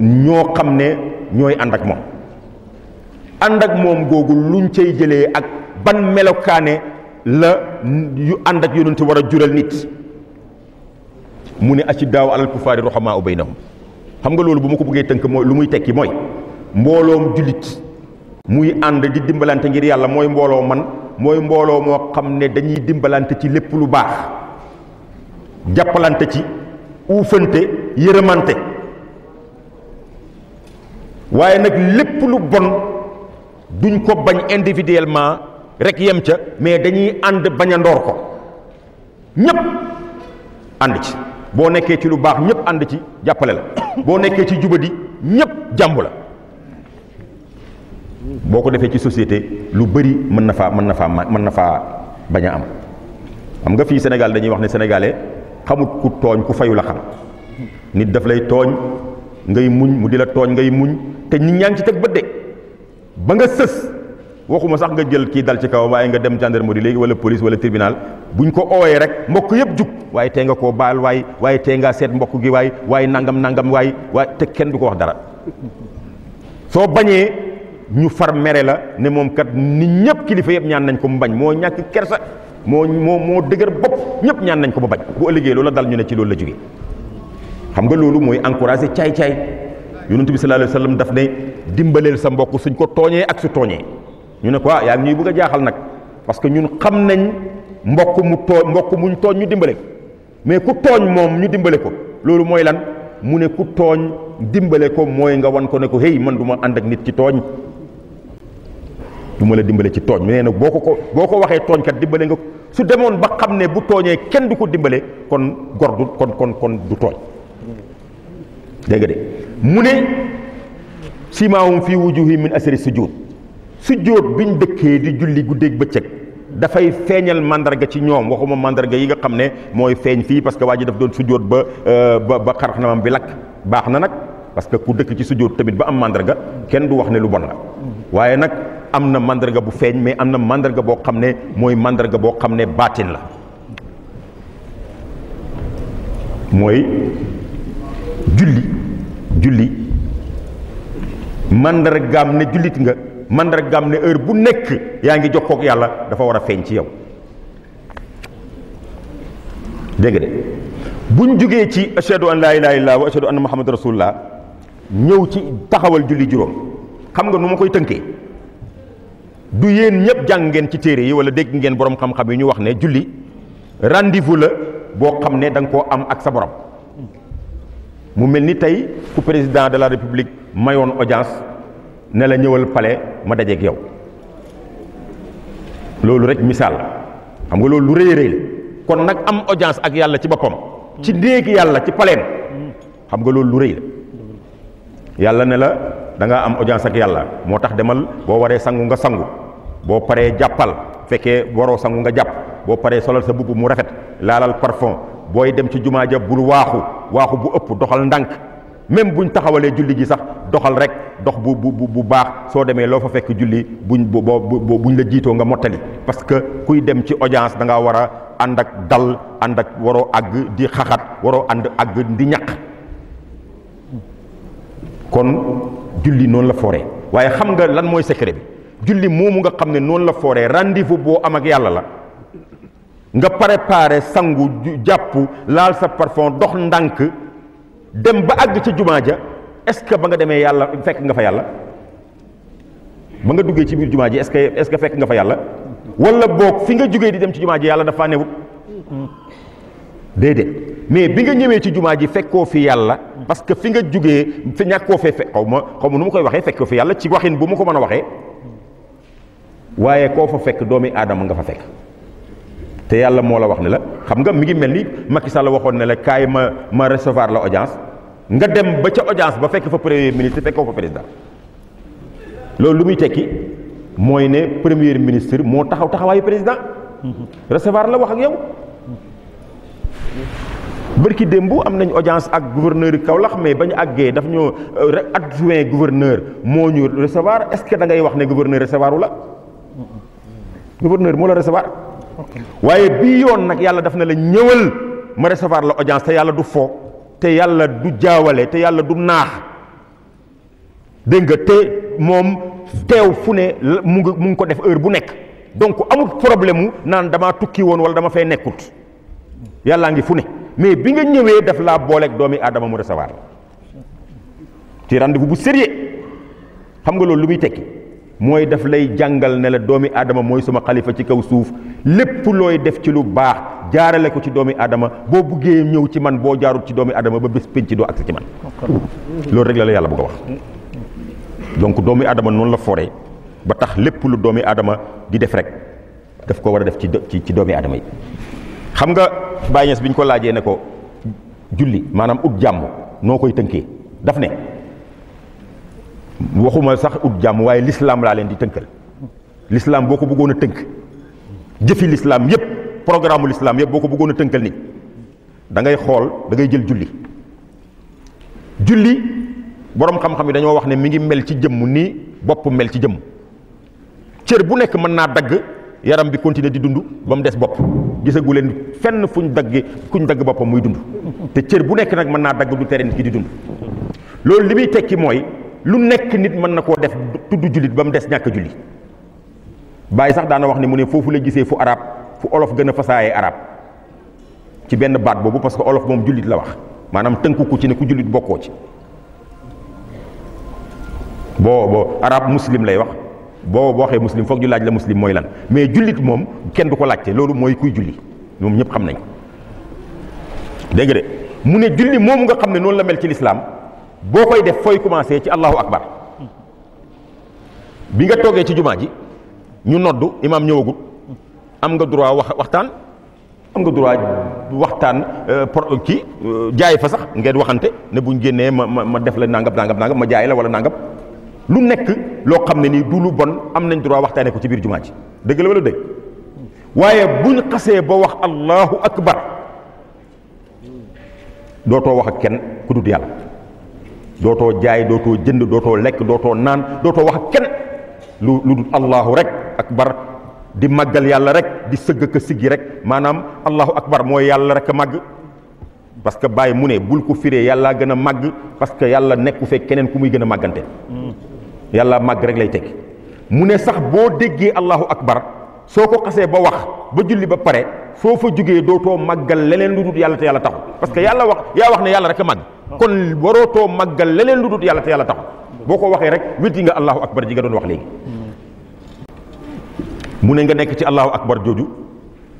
نيو خامني نيو اندك مو اندك مو غوغو لون تاي جيلي اك بان ملوكاني لأندك يو اندك يونتي ورا جورال نيت mu ne acidaaw alal kufaari ruhamaa baynahum xam nga loolu bu ma ko bëggee tënk mooy lu muy tekki mooy mbooloom jullit muy ànd di dimbalante ngir yàlla mooy mbooloo man mooy mbooloo moo xam ne dañuy dimbalante ci lépp lu baax jàppalante ci uufante yërëmante waaye nag lépp lu bon duñ ko bañ individuellement rek yem ca mais dañuy ànd bañ a ndoor ko ñépp ànd ci boo nekkee ci lu baax ñépp ànd ci jàppale la boo nekkee ci jubadi ñëpp jàmbu la boo ko defee ci société lu bari mën na faa mën na faa mën na faa bañ a am xam nga fii Sénégal dañuy wax ne sénégalais xamut ku tooñ ku fayu la xam nit daf lay tooñ ngay muñ mu di la tooñ ngay muñ te nit ñaa ngi ci teg bët de ba nga sës waxuma sax nga jël kii dal ci kaw waaye nga dem gendarmerie léegi wala police wala tribunal buñ ko oowee rek mbokk yëpp jug waaye tey nga koo baal waay waaye tey ngaa seet mbokk gi waaye waaye nangam nangam waay waaye te kenn du ko wax dara soo bañee ñu far mere la ne moom kat nit ñëpp kilifa yëpp ñaan nañ ko mu bañ moo ñàkk kersa moo moo moo dëgër bopp ñëpp ñaan nañ ko mu bañ bu ëllëgee loola dal ñu ne ci loolu la jógee xam nga loolu mooy encouragé caay-caay yonent bi sallallahu alayhi wa sallam daf ne dimbaleel sa mbokk suñ ko tooñee ak su tooñee ñu ne ko ah yaa ngi ñuy bëgg a jaaxal nag parce que ñun xam nañ mbokk mu tooñ mbokk muñ tooñ ñu dimbale ko mais ku tooñ moom ñu dimbale ko loolu mooy lan mu ne ku tooñ dimbale ko mooy nga wan ko ne ko hey man du ànd ak nit ci tooñ du ma la dimbale ci tooñ nee na boo ko ko boo ko waxee tooñkat dimbale nga su demoon ba xam ne bu tooñee kenn du ko dimbale kon gor kon kon kon du tooñ dégg mu ne simaahum fi wujuhi min asari sujud sujjóot ñu dëkkee di julli ba bëccëg dafay feeñal mandarga ci ñoom waxuma mandarga yi nga xam ne mooy feeñ fii parce que waa ji daf doon sujjóot euh, ba ba ba xarax bi lakk baax na nag parce que ku dëkk ci sujjóot tamit ba am mandarga kenn du wax ne lu bon la waaye nag am na màndarga bu feeñ mais am na mandarga boo xam ne mooy mandarga boo xam ne baatin la mooy julli julli mandargaam ne jullit nga mandargaam ne heure bu nekk yaa ngi jox kook yàlla dafa war a feeñ ci yow dégg de buñ jógee ci ashhadu an laa ilaaha illallaah wa ashhadu anna muhammad ñëw ci taxawal julli juróom xam nga nu ma koy tënkee du yéen ñëpp jàng ngeen ci téere yi wala dégg ngeen boroom xam-xam yi ñu wax ne julli rendez-vous la boo xam ne da nga koo am ak sa borom mu mel ni tey ku président de la république mayoon audience ne la ñëwal palais ma ak yow loolu rek misal xam nga loolu lu reey kon nak am audience ak yalla ci boppam ci allah yalla ci paleem xam nga loolu lu ne la da nga am audience ak yalla motax demal bo waré sangu nga sangu bo paré jappal fekkee waro sangu nga japp bo paré solal sa bubu mu rafet laalal parfum boy dem ci jumaa ja bul waxu bu ëpp doxal ndank même buñ taxawalee julli gi sax doxal rek dox bu bu bu baax soo demee loo fa fekk julli buñ boo buñ la jiitoo nga mottali parce que kuy dem ci audience da ngaa war a ànd ak dal ànd ak waroo àgg di xaxat waroo ànd àgg di ñaq kon julli noonu la fooree waaye xam nga lan mooy secret bi julli moomu nga xam ne noonu la fooree rendez boo am ak yàlla la nga préparé sangu jàpp laal sa parfum dox ndànk dem ba àgg ca jumaa ja est-ce que ba nga demee yàlla fekk nga fa yàlla ba nga duggee ci biir jumaa ji est-ce que est-ce que fekk nga fa yàlla wala boog fi nga jógee di dem ci jumaa ji yàlla dafa newut déedéet mais bi nga ñëwee ci jumaa ji fekkoo fi yàlla parce que fi nga jugee fi ñàkkoo fee fekk xaw ma xaw ma nu ma koy waxee fekkoo fi yàlla ci waxin bu ma ko mën a waxee waaye koo fa fekk doomi aadama nga fa fekk te yàlla moo la wax ne la xam nga mi ngi mel ni Macky Sall waxoon ne la kaay ma ma recevoir la audience nga dem ba ca audience ba fekk fa premier ministre fekkoo fa président loolu lu muy tekki mooy ne premier ministre moo taxaw taxawaayu président recevoir la wax ak yow bërki démb am nañ audience ak gouverneur Kaolack mais ba ñu àggee daf ñoo euh, adjoint gouverneur moo ñu recevoir est-ce que da ngay wax ne gouverneur recevoir wu la gouverneur moo la recevoir waaye bii yoon nag yàlla daf na la ñëwal ma recevoir la audience te yàlla du fo te yàlla du jaawale te yàlla du naax dégg nga te moom teew fu ne la mu ngi mu ngi ko def heure bu nekk donc amul problème mu naan damaa tukki woon wala dama fay nekkut yàllaa ngi fu ne mais bi nga ñëwee daf laa booleek doomi aadama mu recevoir la ci rendez-vous bu sérieux xam nga loolu lu muy tekki mooy daf lay jàngal ne la doomi aadama mooy sama xalifa ci kaw suuf lépp looy def ci lu baax jaarale ko ci doomi aadama boo buggee ñëw ci man boo jaarut ci doomi aadama ba bés pénc doo agsi ci man loolu rek la la yàlla bëgg a wax donc doomi aadama noonu la fore ba tax lépp lu doomi aadama di def rek daf ko war a def ci ci doomi aadama yi xam nga bàyyi bi ñu ko laajee ne ko julli maanaam ut jàmm noo koy tënkee daf ne waxuma sax ut jàmm waaye l'islam laa leen di tënkal lislaam boo ko bëggoon a tënk jëfi lislaam yépp programme l'islam yépp boo ko bëggoon a tënkal nit da ngay xool dangay jël julli julli boroom xam-xam yi dañoo wax ne mi ngi mel ci jëmm nii bopp mel ci jëmm cër bu nekk mën naa dagg yaram bi continuer di dund ba mu des bopp gisagu leen fenn fuñ dagg kuñ dagg boppam muy dund te cër bu nekk nag mën naa dagg du tere nit ki di dund loolu li muy tekk mooy lu nekk nit mën na koo def tudd jullit ba mu des ñàkk julli bàyyi sax daana wax ne mu ne foofu la gisee fu arab fu olof gën a fasaayee arab ci benn baat boobu parce que olof moom jullit la wax maanaam tënku ko ci ne ku jullit bokkoo ci boo boo arab muslim lay wax boo boo waxee muslim foog ñu laaj la muslim mooy lan mais jullit moom kenn du ko laajte loolu mooy kuy julli moom ñëpp xam nañ dégg de mu ne julli moom nga xam ne noonu la mel ci lislaam boo koy def fooy commencé ci allahu akbar bi nga toogee ci jumaa ji ñu noddu imaam ñëwagul am nga droit wax waxtaan am nga droit waxtaan euh, pro kii euh, jaay fa sax ngeen waxante ne buñ génnee ma ma ma def la nangam nangam nangam ma jaay la wala nangam lu nekk loo xam ne nii du lu bon am nañ droit waxtaanee ko ci biir jumaa ji dëgg la wala dëgg waaye buñ xasee ba wax allahu akbar dootoo wax ak kenn ku dut yàlla. dootoo jaay dootoo jënd dootoo lekk dootoo naan dootoo wax kenn lu lu dul allahu rek akbar di màggal yàlla rek di sëgg ka siggi rek maanaam allahu akbar mooy yàlla rek a màgg parce que bàyyi mu ne bul ko firee yàllaa gën a màgg parce que yàlla nekku fee keneen ku muy gën a màggante yàlla màgg rek lay teg mu ne sax boo déggee allahu akbar soo ko xasee ba wax ba julli ba pare soo fa jógee dootoo màggal leneen lu dul yàlla te yàlla taxu parce que yàlla wax yaa wax ne yàlla rek a màgg kon waroto magal leneen luddut yalla ta yalla tax boko waxe rek witi nga allahu akbar ji nga don wax legi mune nga nek ci allahu akbar joju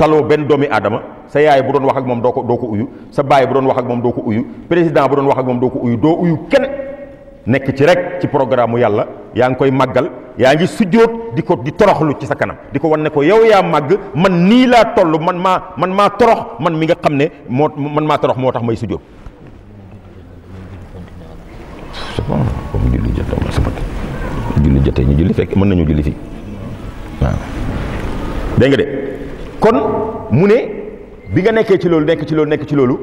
talo ben domi adama sa yaay bu don wax ak mom doko doko uyu sa baye bu don wax ak mom doko uyu president bu don wax ak mom doko uyu do uyu ken nek ci rek ci programme yalla, yang ngi koy magal ngi di di toroxlu ci sa kanam diko wonne ko yow ya mag man ni la tollu man ma man ma torox man mi nga xamne man ma torox motax may bon comme julli jotoo la sama julli jotee ñu julli fekk mën nañu julli fi waaw nah. nga kon mu ne bi nga nekkee ci loolu nekk ci loolu nekk ci loolu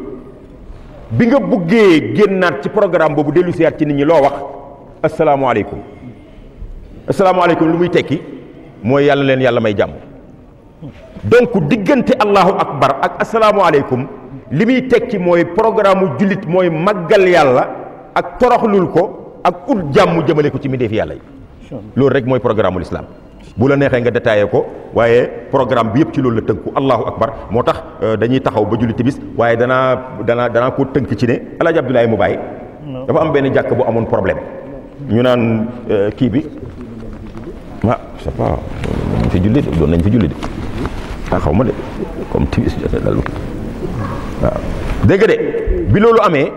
bi nga buggee génnaat ci programme boobu dellu siyaat ci nit ñi diganti wax lu muy tekki leen may donc allahu akbar ak limiteki li muy tekki moy programme ak toroxlul ko ak ut jàmm jëmale ko ci mi mbindeef yàlla yi loolu rek mooy programme ul bu la neexee nga détaillé ko waaye programme bi yëpp ci loolu la tënku allahu akbar moo tax euh, dañuy taxaw ba julli timis waaye danaa danaa danaa ko tënk ci ne alaaji abdoulaye mu bàyyi dafa am benn jàkk bu amoon problème ñu naan euh, kii bi ah c'est pas nañ nañ fi julli de ah, xaw ma de comme timis dal waaw dégg de bi loolu amee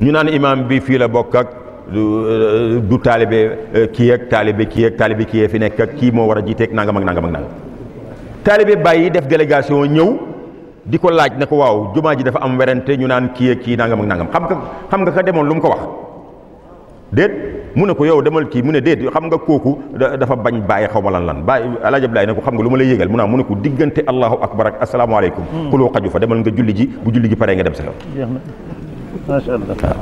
ñu naan imaam bi fii la bokk ak du taalibe euh, kii ak taalibe kii ak taalibe kii fi nekk ak kii moo war a naanga nangam naanga nangam ak nangam taalibe bàyyi def délégation ñëw di ko laaj ne ko waaw jumaa ji dafa am werante ñu naan kii ak kii nangam ak nangam xam nga xam nga ko demoon lu mu ko wax déet mu ne ko yow demal kii mu ne déet xam nga kooku dafa bañ bàyyi xaw ma lan lan bàyyi alaaji Ablaay ne ko xam lu ma lay yëgal mu naa ah, mu ne ko diggante allahu akbar ak asalaamaaleykum. kuloo hmm. xaju fa demal nga julli ji bu julli ji paree nga dem sa macha allah waaw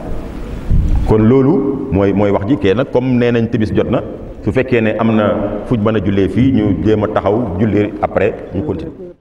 kon loolu mooy mooy wax ji kee nag comme nee nañ tibis jot na su fekkee ne am na fuñ mën a jullee fii ñu jéem a taxaw jullee après ñu continuer